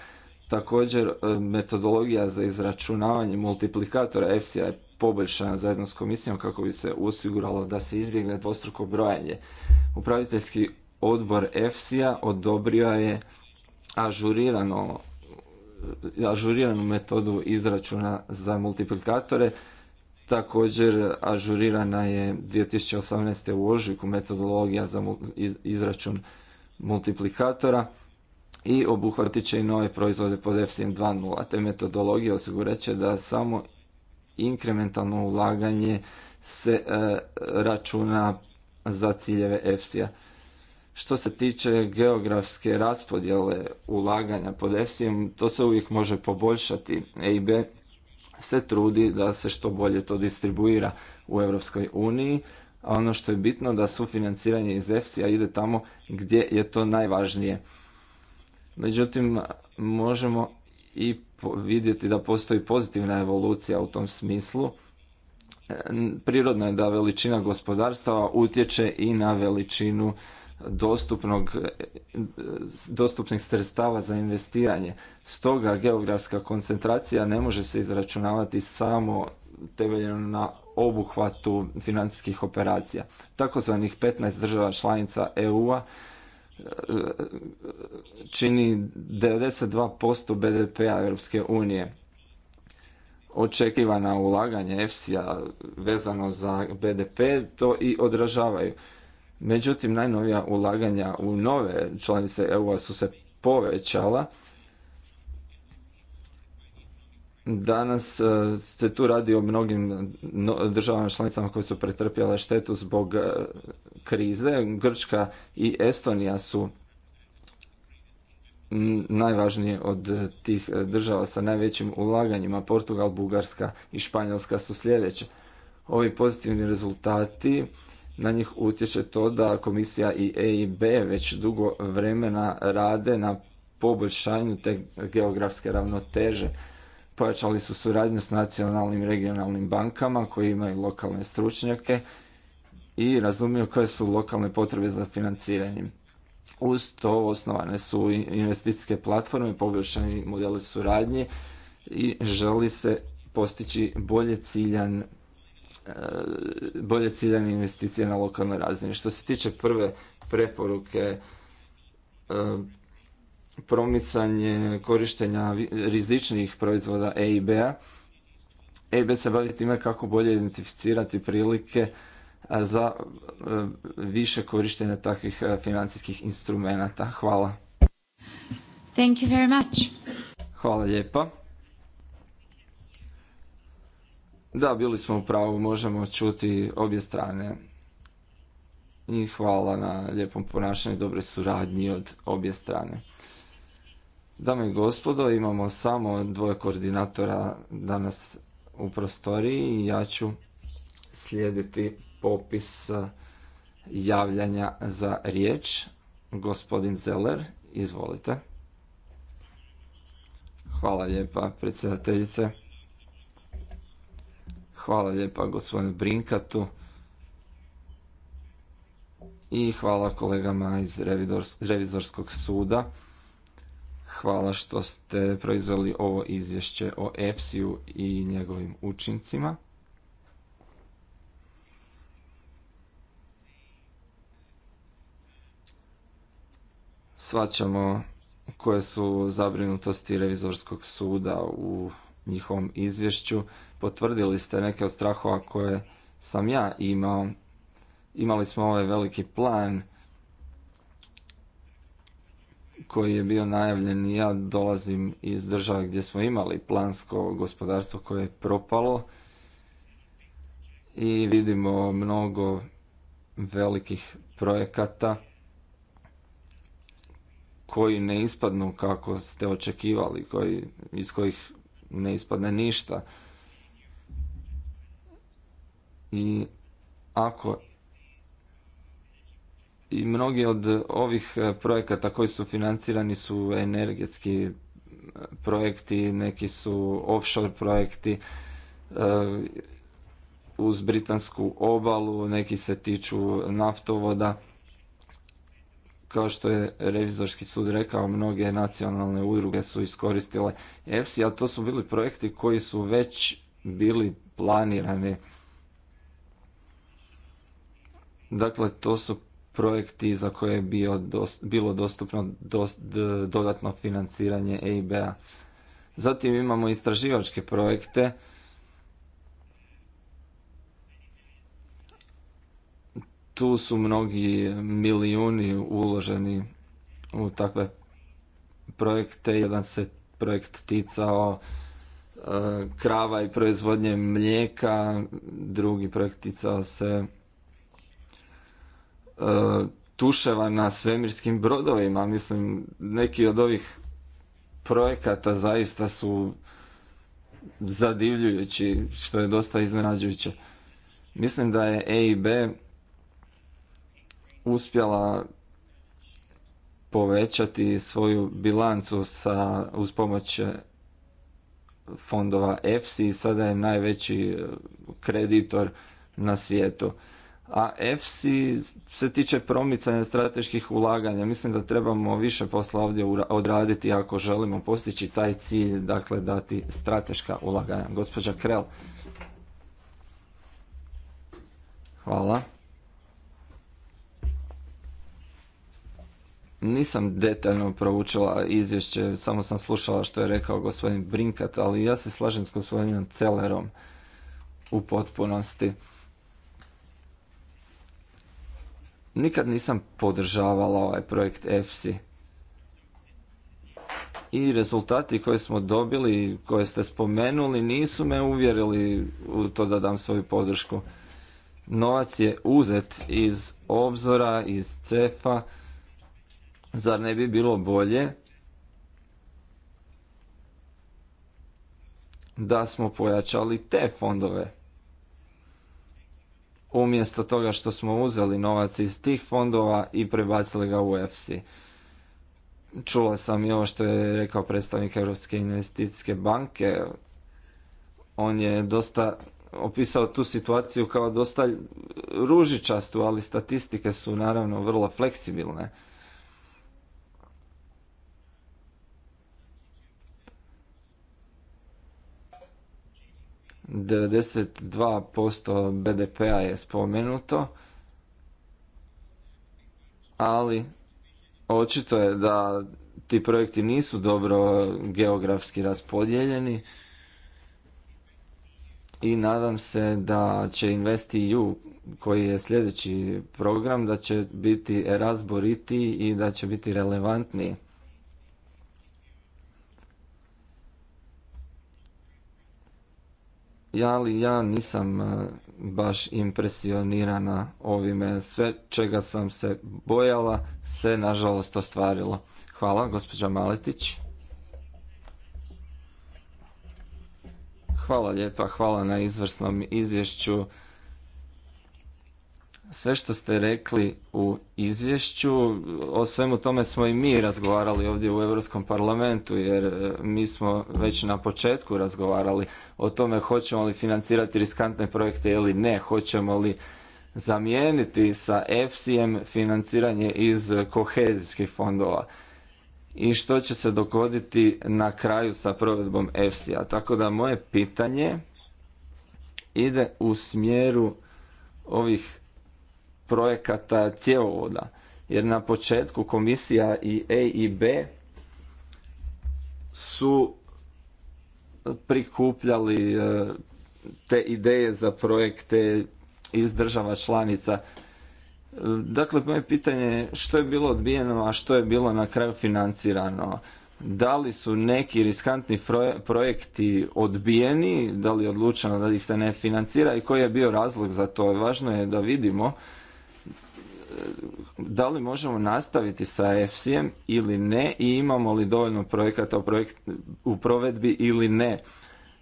Također, e, metodologija za izračunavanje multiplikatora FCA je poboljšana zajedno s komisijom kako bi se osiguralo da se izbjegne dvostruko brojanje. Upraviteljski odbor FCA odobrio je ažurirano ažuriranu metodu izračuna za multiplikatore. Također ažurirana je 2018. u ožujku metodologija za izračun multiplikatora i obuhvatit će i nove proizvode pod FCM 2.0. Te metodologije osigurat će da samo inkrementalno ulaganje se e, računa za ciljeve FCM. Što se tiče geografske raspodjele ulaganja pod esi to se uvijek može poboljšati. EIB se trudi da se što bolje to distribuira u Europskoj uniji, a ono što je bitno da sufinanciranje iz EFSI-a ide tamo gdje je to najvažnije. Međutim, možemo i vidjeti da postoji pozitivna evolucija u tom smislu. E, prirodno je da veličina gospodarstva utječe i na veličinu dostupnog, dostupnih sredstava za investiranje. Stoga geografska koncentracija ne može se izračunavati samo temeljeno na obuhvatu financijskih operacija. Takozvanih 15 država članica EU-a e, čini 92% BDP-a Europske unije. Očekivana ulaganja EFSI-a vezano za BDP to i odražavaju. Međutim, najnovija ulaganja u nove članice EU-a su se povećala. Danas e, se tu radi o mnogim državama članicama koje su pretrpjale štetu zbog e, krize. Grčka i Estonija su najvažnije od tih država sa najvećim ulaganjima. Portugal, Bugarska i Španjolska su sljedeće. Ovi pozitivni rezultati na njih utječe to da komisija i EIB već dugo vremena rade na poboljšanju te geografske ravnoteže. Pojačali su suradnju s nacionalnim regionalnim bankama koji imaju lokalne stručnjake i razumiju koje su lokalne potrebe za financiranjem. Uz to osnovane su investicijske platforme, poboljšani modeli suradnje i želi se postići bolje ciljan bolje ciljane investicije na lokalnoj razini. Što se tiče prve preporuke, e, promicanje korištenja rizičnih proizvoda EIB-a, EIB se bavi time kako bolje identificirati prilike e, za e, više korištenja takvih financijskih instrumenata. Hvala. Thank you very much. Hvala lijepa. Da, bili smo u pravu, možemo čuti obje strane. I hvala na lijepom ponašanju i dobre suradnji od obje strane. Dame i gospodo, imamo samo dvoje koordinatora danas u prostoriji i ja ću slijediti popis e, javljanja za riječ. Gospodin Zeller, izvolite. Hvala lijepa predsjedateljice. Hvala lijepa gospodinu Brinkatu. I hvala kolegama iz Revizorskog suda. Hvala što ste proizveli ovo izvješće o EFSI-u i njegovim učincima. Svaćamo koje su zabrinutosti Revizorskog suda u njihovom izvješću. Potvrdili ste neke od strahova koje sam ja imao. Imali smo ovaj veliki plan koji je bio najavljen i ja dolazim iz države gdje smo imali plansko gospodarstvo koje je propalo i vidimo mnogo velikih projekata koji ne ispadnu kako ste očekivali, koji, iz kojih ne ispadne ništa. I ako i mnogi od ovih e, projekata koji su financirani su energetski e, projekti, neki su offshore projekti e, uz britansku obalu, neki se tiču naftovoda kao što je revizorski sud rekao, mnoge nacionalne udruge su iskoristile EFSI, ali to su bili projekti koji su već bili planirani. Dakle, to su projekti za koje je bilo dostupno dodatno financiranje EIB-a. Zatim imamo istraživačke projekte tu su mnogi milijuni uloženi u takve projekte. Jedan se projekt ticao e, krava i proizvodnje mlijeka, drugi projekt ticao se e, tuševa na svemirskim brodovima. Mislim, neki od ovih projekata zaista su zadivljujući, što je dosta iznenađujuće. Mislim da je EIB uspjela povećati svoju bilancu sa, uz pomoć e, fondova EFSI i sada je najveći e, kreditor na svijetu. A EFSI se tiče promicanja strateških ulaganja. Mislim da trebamo više posla ovdje odraditi ako želimo postići taj cilj, dakle dati strateška ulaganja. Gospođa krel Hvala. Nisam detaljno proučila izvješće, samo sam slušala što je rekao gospodin Brinkat, ali ja se slažem s gospodinom Celerom u potpunosti. Nikad nisam podržavala ovaj projekt EFSI. I rezultati koje smo dobili, koje ste spomenuli, nisu me uvjerili u to da dam svoju podršku. Novac je uzet iz obzora, iz cefa, Zar ne bi bilo bolje da smo pojačali te fondove? Umjesto toga što smo uzeli novac iz tih fondova i prebacili ga u EFSI. Čula sam i ovo što je rekao predstavnik Europske investicijske banke. On je dosta opisao tu situaciju kao dosta ružičastu, ali statistike su naravno vrlo fleksibilne. 92% BDP-a je spomenuto, ali očito je da ti projekti nisu dobro geografski raspodijeljeni i nadam se da će InvestEU koji je sljedeći program da će biti razboritiji i da će biti relevantniji. ja li ja nisam e, baš impresionirana ovime. Sve čega sam se bojala se nažalost ostvarilo. Hvala, gospođa Maletić. Hvala lijepa, hvala na izvrsnom izvješću sve što ste rekli u izvješću, o svemu tome smo i mi razgovarali ovdje u Europskom parlamentu jer e, mi smo već na početku razgovarali o tome hoćemo li financirati riskantne projekte ili ne, hoćemo li zamijeniti sa efsi financiranje iz kohezijskih fondova i što će se dogoditi na kraju sa provedbom EFSI-a. Tako da moje pitanje ide u smjeru ovih projekata cjevovoda. Jer na početku komisija i A i B su prikupljali e, te ideje za projekte iz država članica. E, dakle, moje pitanje je što je bilo odbijeno, a što je bilo na kraju financirano. Da li su neki riskantni projekti odbijeni, da li je odlučeno da ih se ne financira i koji je bio razlog za to? Važno je da vidimo da li možemo nastaviti sa EFSI-em ili ne i imamo li dovoljno projekata u, provedbi ili ne.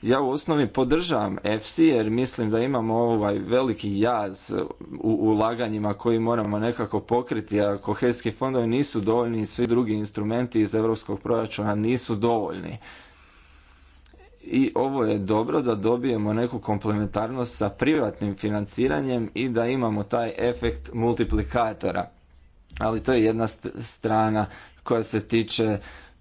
Ja u osnovi podržavam EFSI jer mislim da imamo ovaj veliki jaz u ulaganjima koji moramo nekako pokriti, a kohezijski fondovi nisu dovoljni i svi drugi instrumenti iz europskog proračuna nisu dovoljni i ovo je dobro da dobijemo neku komplementarnost sa privatnim financiranjem i da imamo taj efekt multiplikatora. Ali to je jedna strana koja se tiče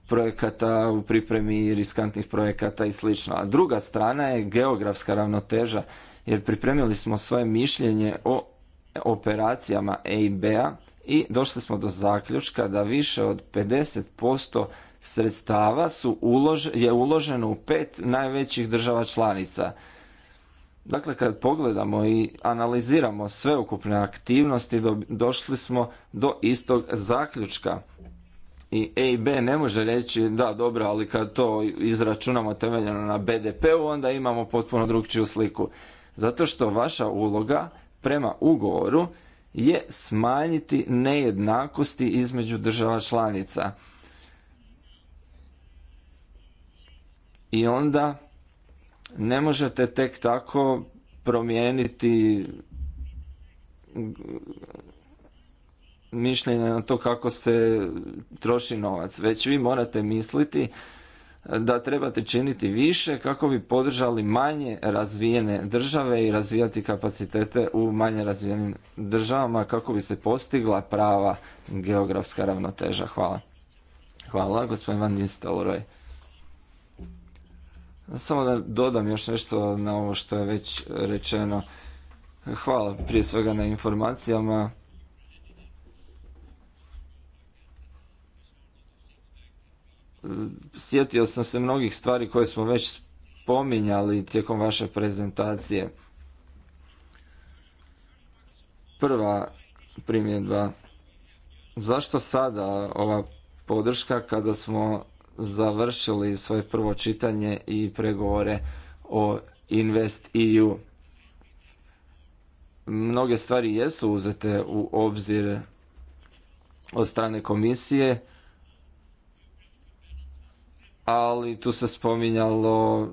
projekata u pripremi riskantnih projekata i sl. A druga strana je geografska ravnoteža jer pripremili smo svoje mišljenje o operacijama EIB-a i došli smo do zaključka da više od 50% sredstava su je uloženo u pet najvećih država članica. Dakle, kad pogledamo i analiziramo sveukupne aktivnosti, došli smo do istog zaključka. I A i B ne može reći, da, dobro, ali kad to izračunamo temeljeno na BDP-u, onda imamo potpuno drugčiju sliku. Zato što vaša uloga prema ugovoru je smanjiti nejednakosti između država članica. i onda ne možete tek tako promijeniti mišljenje na to kako se troši novac, već vi morate misliti da trebate činiti više kako bi podržali manje razvijene države i razvijati kapacitete u manje razvijenim državama kako bi se postigla prava geografska ravnoteža. Hvala. Hvala, gospodin Van samo da dodam još nešto na ovo što je već rečeno. Hvala prije svega na informacijama. Sjetio sam se mnogih stvari koje smo već spominjali tijekom vaše prezentacije. Prva primjedba. Zašto sada ova podrška kada smo završili svoje prvo čitanje i pregovore o Invest EU. Mnoge stvari jesu uzete u obzir od strane komisije, ali tu se spominjalo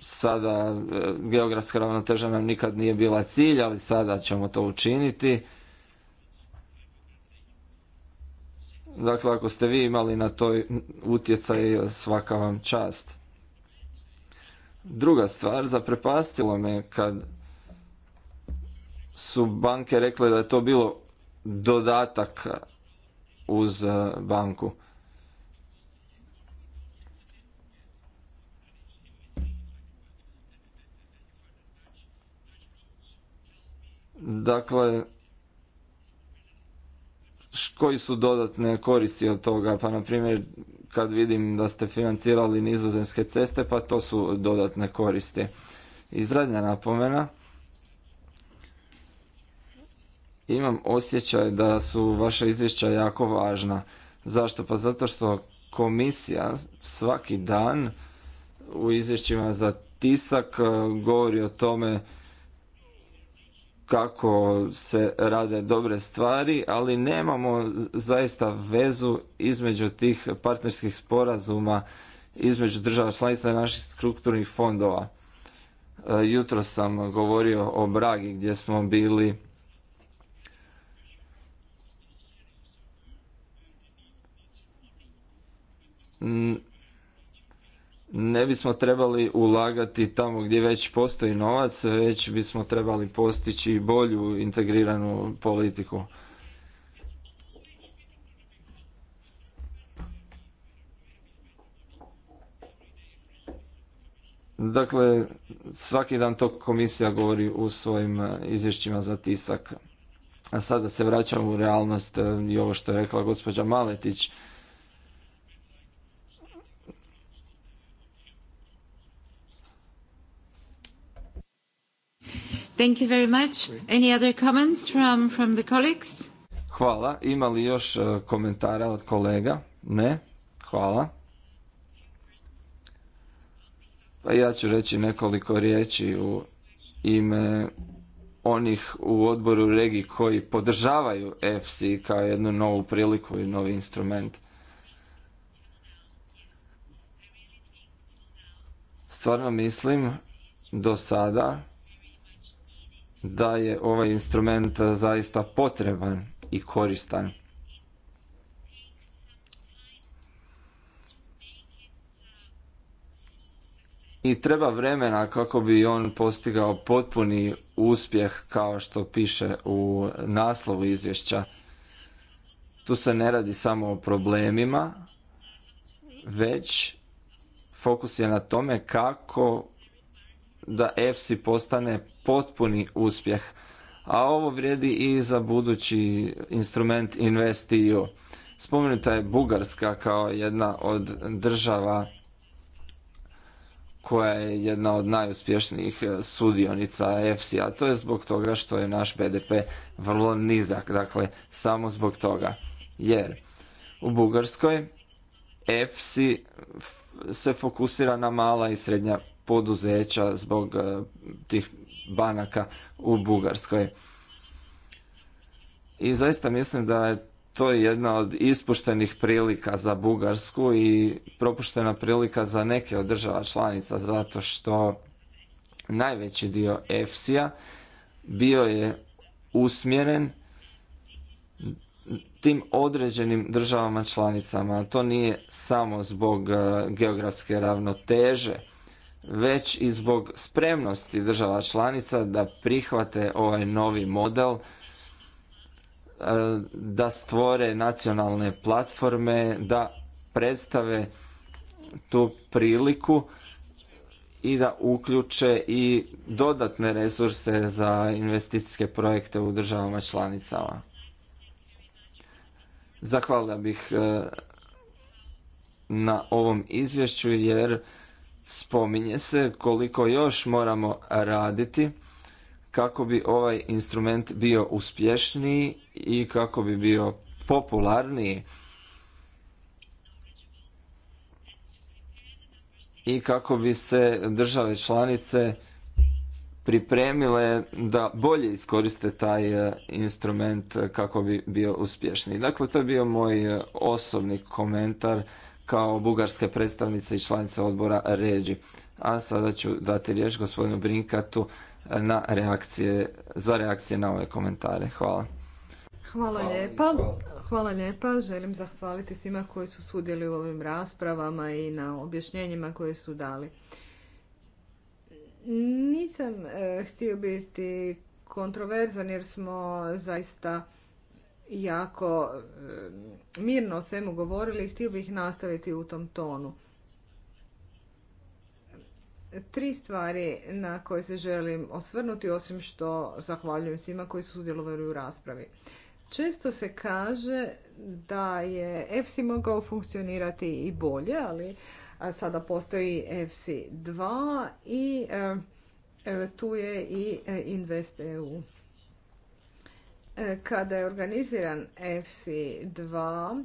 sada e, geografska ravnoteža nam nikad nije bila cilj, ali sada ćemo to učiniti. Dakle, ako ste vi imali na toj utjecaj, svaka vam čast. Druga stvar, zaprepastilo me kad su banke rekle da je to bilo dodatak uz e, banku. Dakle, koji su dodatne koristi od toga? Pa na primjer kad vidim da ste financirali nizozemske ceste, pa to su dodatne koristi. I zadnja napomena. Imam osjećaj da su vaša izvješća jako važna. Zašto? Pa zato što komisija svaki dan u izvješćima za tisak eh, govori o tome kako se rade dobre stvari, ali nemamo zaista vezu između tih partnerskih sporazuma između država članica i naših strukturnih fondova. E, jutro sam govorio o Bragi gdje smo bili ne bismo trebali ulagati tamo gdje već postoji novac, već bismo trebali postići bolju integriranu politiku. Dakle, svaki dan to komisija govori u svojim e, izvješćima za tisak. A sada se vraćamo u realnost e, i ovo što je rekla gospođa Maletić. Thank you very much. Any other comments from, from the colleagues? Hvala. Ima li još e, komentara od kolega? Ne? Hvala. Pa ja ću reći nekoliko riječi u ime onih u odboru regiji koji podržavaju FC kao jednu novu priliku i novi instrument. Stvarno mislim do sada da je ovaj instrument eh, zaista potreban i koristan. I treba vremena kako bi on postigao potpuni uspjeh kao što piše u naslovu izvješća. Tu se ne radi samo o problemima, već fokus je na tome kako da EFSI postane potpuni uspjeh. A ovo vrijedi i za budući instrument InvestEU. Spomenuta je Bugarska kao jedna od država koja je jedna od najuspješnijih sudionica EFSI, a to je zbog toga što je naš BDP vrlo nizak, dakle samo zbog toga. Jer u Bugarskoj EFSI se fokusira na mala i srednja poduzeća zbog e, tih banaka u Bugarskoj. I zaista mislim da je to jedna od ispuštenih prilika za Bugarsku i propuštena prilika za neke od država članica zato što najveći dio EFSI-a bio je usmjeren tim određenim državama članicama. To nije samo zbog e, geografske ravnoteže već i zbog spremnosti država članica da prihvate ovaj novi model, e, da stvore nacionalne platforme, da predstave tu priliku i da uključe i dodatne resurse za investicijske projekte u državama članicama. Zahvalila bih e, na ovom izvješću jer spominje se koliko još moramo raditi kako bi ovaj instrument bio uspješniji i kako bi bio popularniji i kako bi se države članice pripremile da bolje iskoriste taj e, instrument kako bi bio uspješniji. Dakle, to je bio moj e, osobni komentar kao bugarske predstavnice i članice odbora Ređi. A sada ću dati riječ gospodinu Brinkatu na reakcije, za reakcije na ove komentare. Hvala. Hvala lijepa. Hvala Želim zahvaliti svima koji su sudjeli u ovim raspravama i na objašnjenjima koje su dali. Nisam e, htio biti kontroverzan jer smo zaista jako mirno o svemu govorili i htio bih nastaviti u tom tonu. Tri stvari na koje se želim osvrnuti, osim što zahvaljujem svima koji su sudjelovali u raspravi. Često se kaže da je EFSI mogao funkcionirati i bolje, ali sada postoji EFSI 2 i e, tu je i e, Invest EU. Kada je organiziran FC2,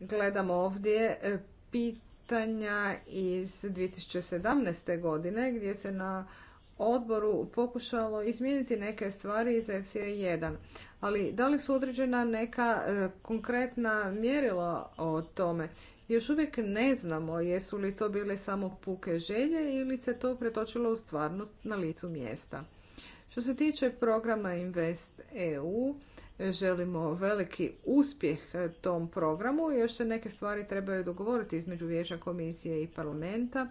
gledam ovdje e, pitanja iz 2017. godine gdje se na odboru pokušalo izmijeniti neke stvari iz fc 1 Ali da li su određena neka e, konkretna mjerila o tome? Još uvijek ne znamo jesu li to bile samo puke želje ili se to pretočilo u stvarnost na licu mjesta. Što se tiče programa Invest EU, želimo veliki uspjeh e, tom programu. Još se neke stvari trebaju dogovoriti između vijeća komisije i parlamenta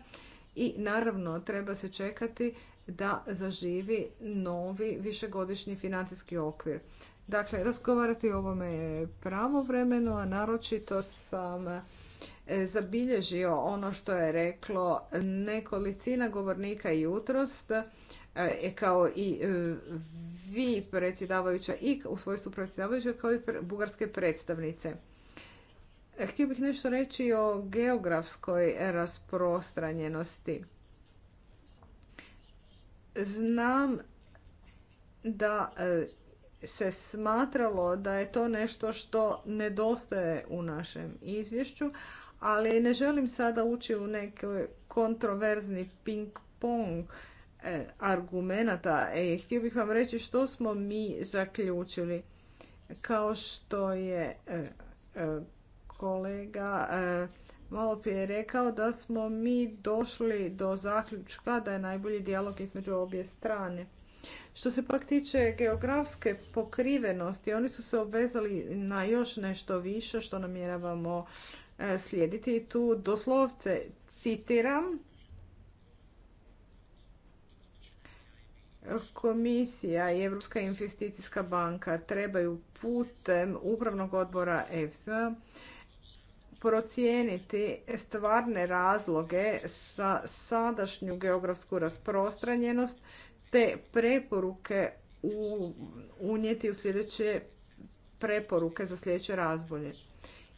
i naravno treba se čekati da zaživi novi višegodišnji financijski okvir. Dakle, razgovarati o ovome je vremeno, a naročito sam e, zabilježio ono što je reklo nekolicina govornika jutros E, kao i e, vi predsjedavajuća i u svojstvu predsjedavajuća kao i bugarske predstavnice. E, htio bih nešto reći o geografskoj rasprostranjenosti. Znam da se smatralo da je to nešto što nedostaje u našem izvješću, ali ne želim sada ući u neki kontroverzni ping-pong E, argumenata. E, htio bih vam reći što smo mi zaključili. Kao što je e, e, kolega malo prije rekao da smo mi došli do zaključka da je najbolji dijalog između obje strane. Što se pak tiče geografske pokrivenosti, oni su se obvezali na još nešto više što namjeravamo slijediti. Tu doslovce citiram Komisija i Europska investicijska banka trebaju putem upravnog odbora EFSA procijeniti stvarne razloge sa sadašnju geografsku rasprostranjenost te preporuke unijeti u sljedeće preporuke za sljedeće razbolje.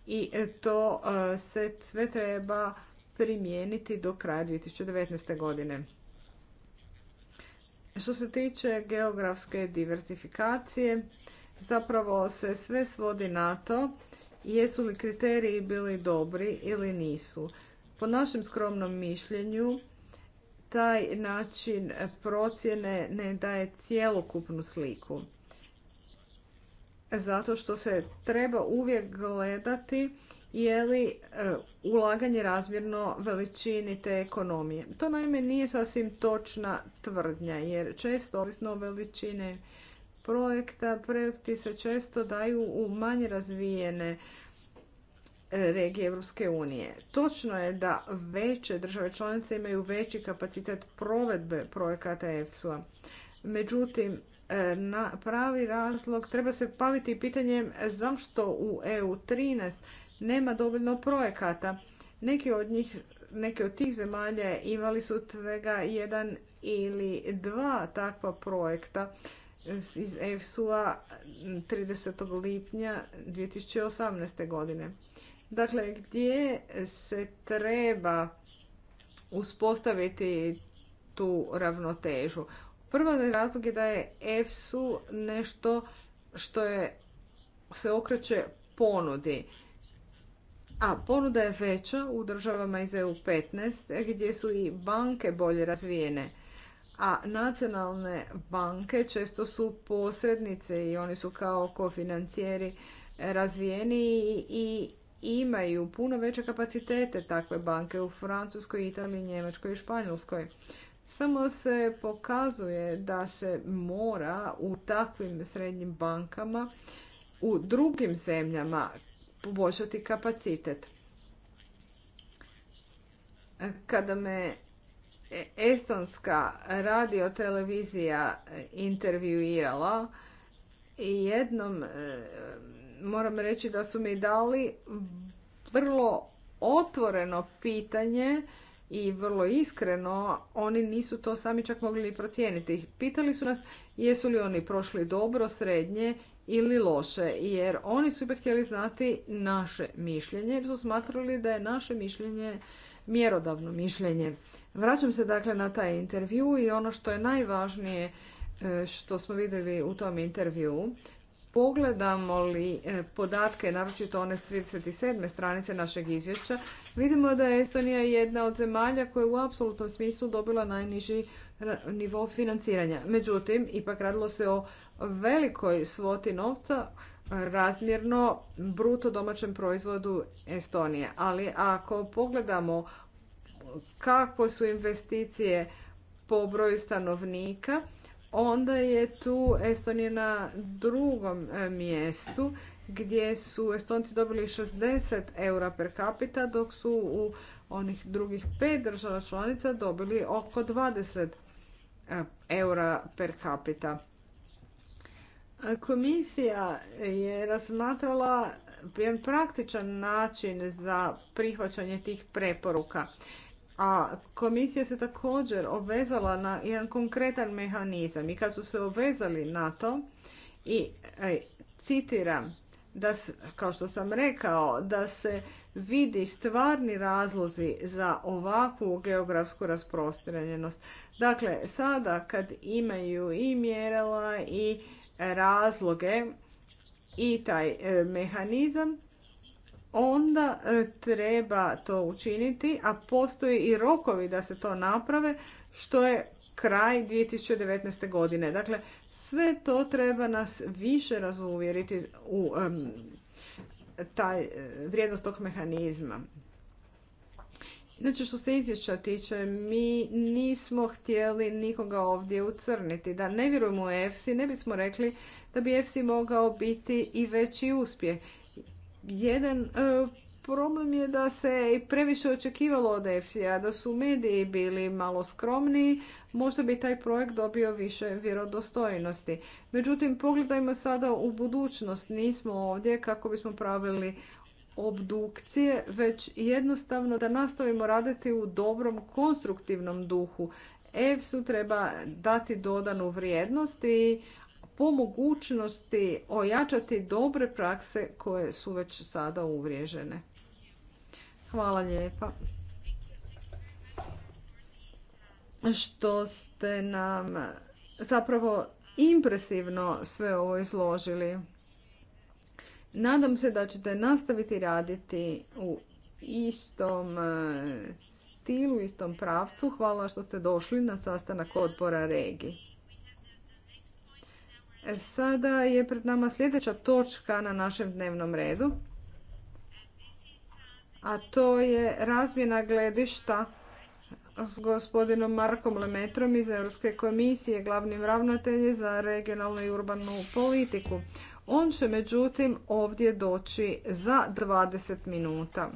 I to e, se sve treba primijeniti do kraja 2019. godine. Što se tiče geografske diversifikacije, zapravo se sve svodi na to jesu li kriteriji bili dobri ili nisu. Po našem skromnom mišljenju, taj način procjene ne daje cjelokupnu sliku zato što se treba uvijek gledati je li e, ulaganje razmjerno veličini te ekonomije. To naime nije sasvim točna tvrdnja jer često ovisno o veličine projekta, projekti se često daju u manje razvijene e, regije Europske unije. Točno je da veće države članice imaju veći kapacitet provedbe projekata EFSU-a. Međutim, na pravi razlog treba se baviti pitanjem zašto u EU13 nema dovoljno projekata. Neki od njih, neke od tih zemalja imali su svega jedan ili dva takva projekta iz EFSU-a 30. lipnja 2018. godine. Dakle, gdje se treba uspostaviti tu ravnotežu. Prva razlog je da je EFSU nešto što je, se okreće ponudi. A ponuda je veća u državama iz EU15 gdje su i banke bolje razvijene. A nacionalne banke često su posrednice i oni su kao kofinancijeri razvijeni i imaju puno veće kapacitete takve banke u Francuskoj, Italiji, Njemačkoj i Španjolskoj. Samo se pokazuje da se mora u takvim srednjim bankama u drugim zemljama poboljšati kapacitet. Kada me Estonska radio televizija intervjuirala i jednom e, moram reći da su mi dali vrlo otvoreno pitanje i vrlo iskreno oni nisu to sami čak mogli ni procijeniti. Pitali su nas jesu li oni prošli dobro, srednje ili loše jer oni su ipak htjeli znati naše mišljenje jer su smatrali da je naše mišljenje mjerodavno mišljenje. Vraćam se dakle na taj intervju i ono što je najvažnije e, što smo vidjeli u tom intervju pogledamo li e, podatke, naročito one s 37. stranice našeg izvješća, vidimo da je Estonija jedna od zemalja koja je u apsolutnom smislu dobila najniži nivo financiranja. Međutim, ipak radilo se o velikoj svoti novca razmjerno bruto domaćem proizvodu Estonije. Ali ako pogledamo kako su investicije po broju stanovnika, onda je tu Estonija na drugom e, mjestu gdje su Estonci dobili 60 eura per capita dok su u onih drugih pet država članica dobili oko 20 e, eura per capita. Komisija je razmatrala jedan praktičan način za prihvaćanje tih preporuka. A komisija se također obvezala na jedan konkretan mehanizam i kad su se obvezali na to i e, citiram da kao što sam rekao da se vidi stvarni razlozi za ovakvu geografsku rasprostranjenost. Dakle, sada kad imaju i mjerila i razloge i taj e, mehanizam onda e, treba to učiniti, a postoji i rokovi da se to naprave, što je kraj 2019. godine. Dakle, sve to treba nas više razuvjeriti u taj e, vrijednost tog mehanizma. Znači, što se izvješća tiče, mi nismo htjeli nikoga ovdje ucrniti. Da ne vjerujemo u EFSI, ne bismo rekli da bi EFSI mogao biti i veći uspjeh. Jedan e, problem je da se i previše očekivalo od EFSI-a, da su mediji bili malo skromniji, možda bi taj projekt dobio više vjerodostojnosti. Međutim, pogledajmo sada u budućnost. Nismo ovdje kako bismo pravili obdukcije, već jednostavno da nastavimo raditi u dobrom, konstruktivnom duhu. EFSU treba dati dodanu vrijednost i po mogućnosti ojačati dobre prakse koje su već sada uvriježene. Hvala lijepa što ste nam zapravo impresivno sve ovo izložili. Nadam se da ćete nastaviti raditi u istom e, stilu, istom pravcu. Hvala što ste došli na sastanak odbora Regi. E, sada je pred nama sljedeća točka na našem dnevnom redu, a to je razmjena gledišta s gospodinom Markom Lemetrom iz Europske komisije, glavnim ravnatelje za regionalnu i urbanu politiku. On će međutim ovdje doći za 20 minuta.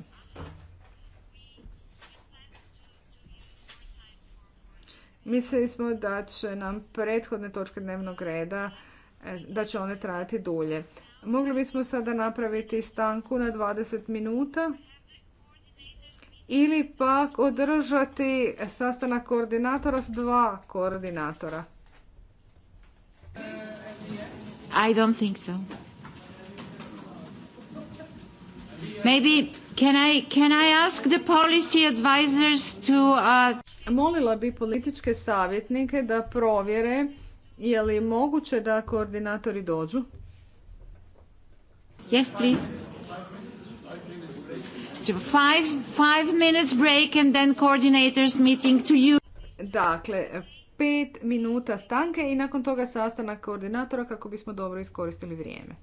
Mislili smo da će nam prethodne točke dnevnog reda da će one trajati dulje. Mogli bismo sada napraviti stanku na 20 minuta ili pak održati sastanak koordinatora s dva koordinatora. Maybe can I can I ask the policy advisors to uh... Molila bi političke savjetnike da provjere je li moguće da koordinatori dođu? Yes, please. Five, five minutes break and then coordinators meeting to you. Dakle, pet minuta stanke i nakon toga sastanak koordinatora kako bismo dobro iskoristili vrijeme.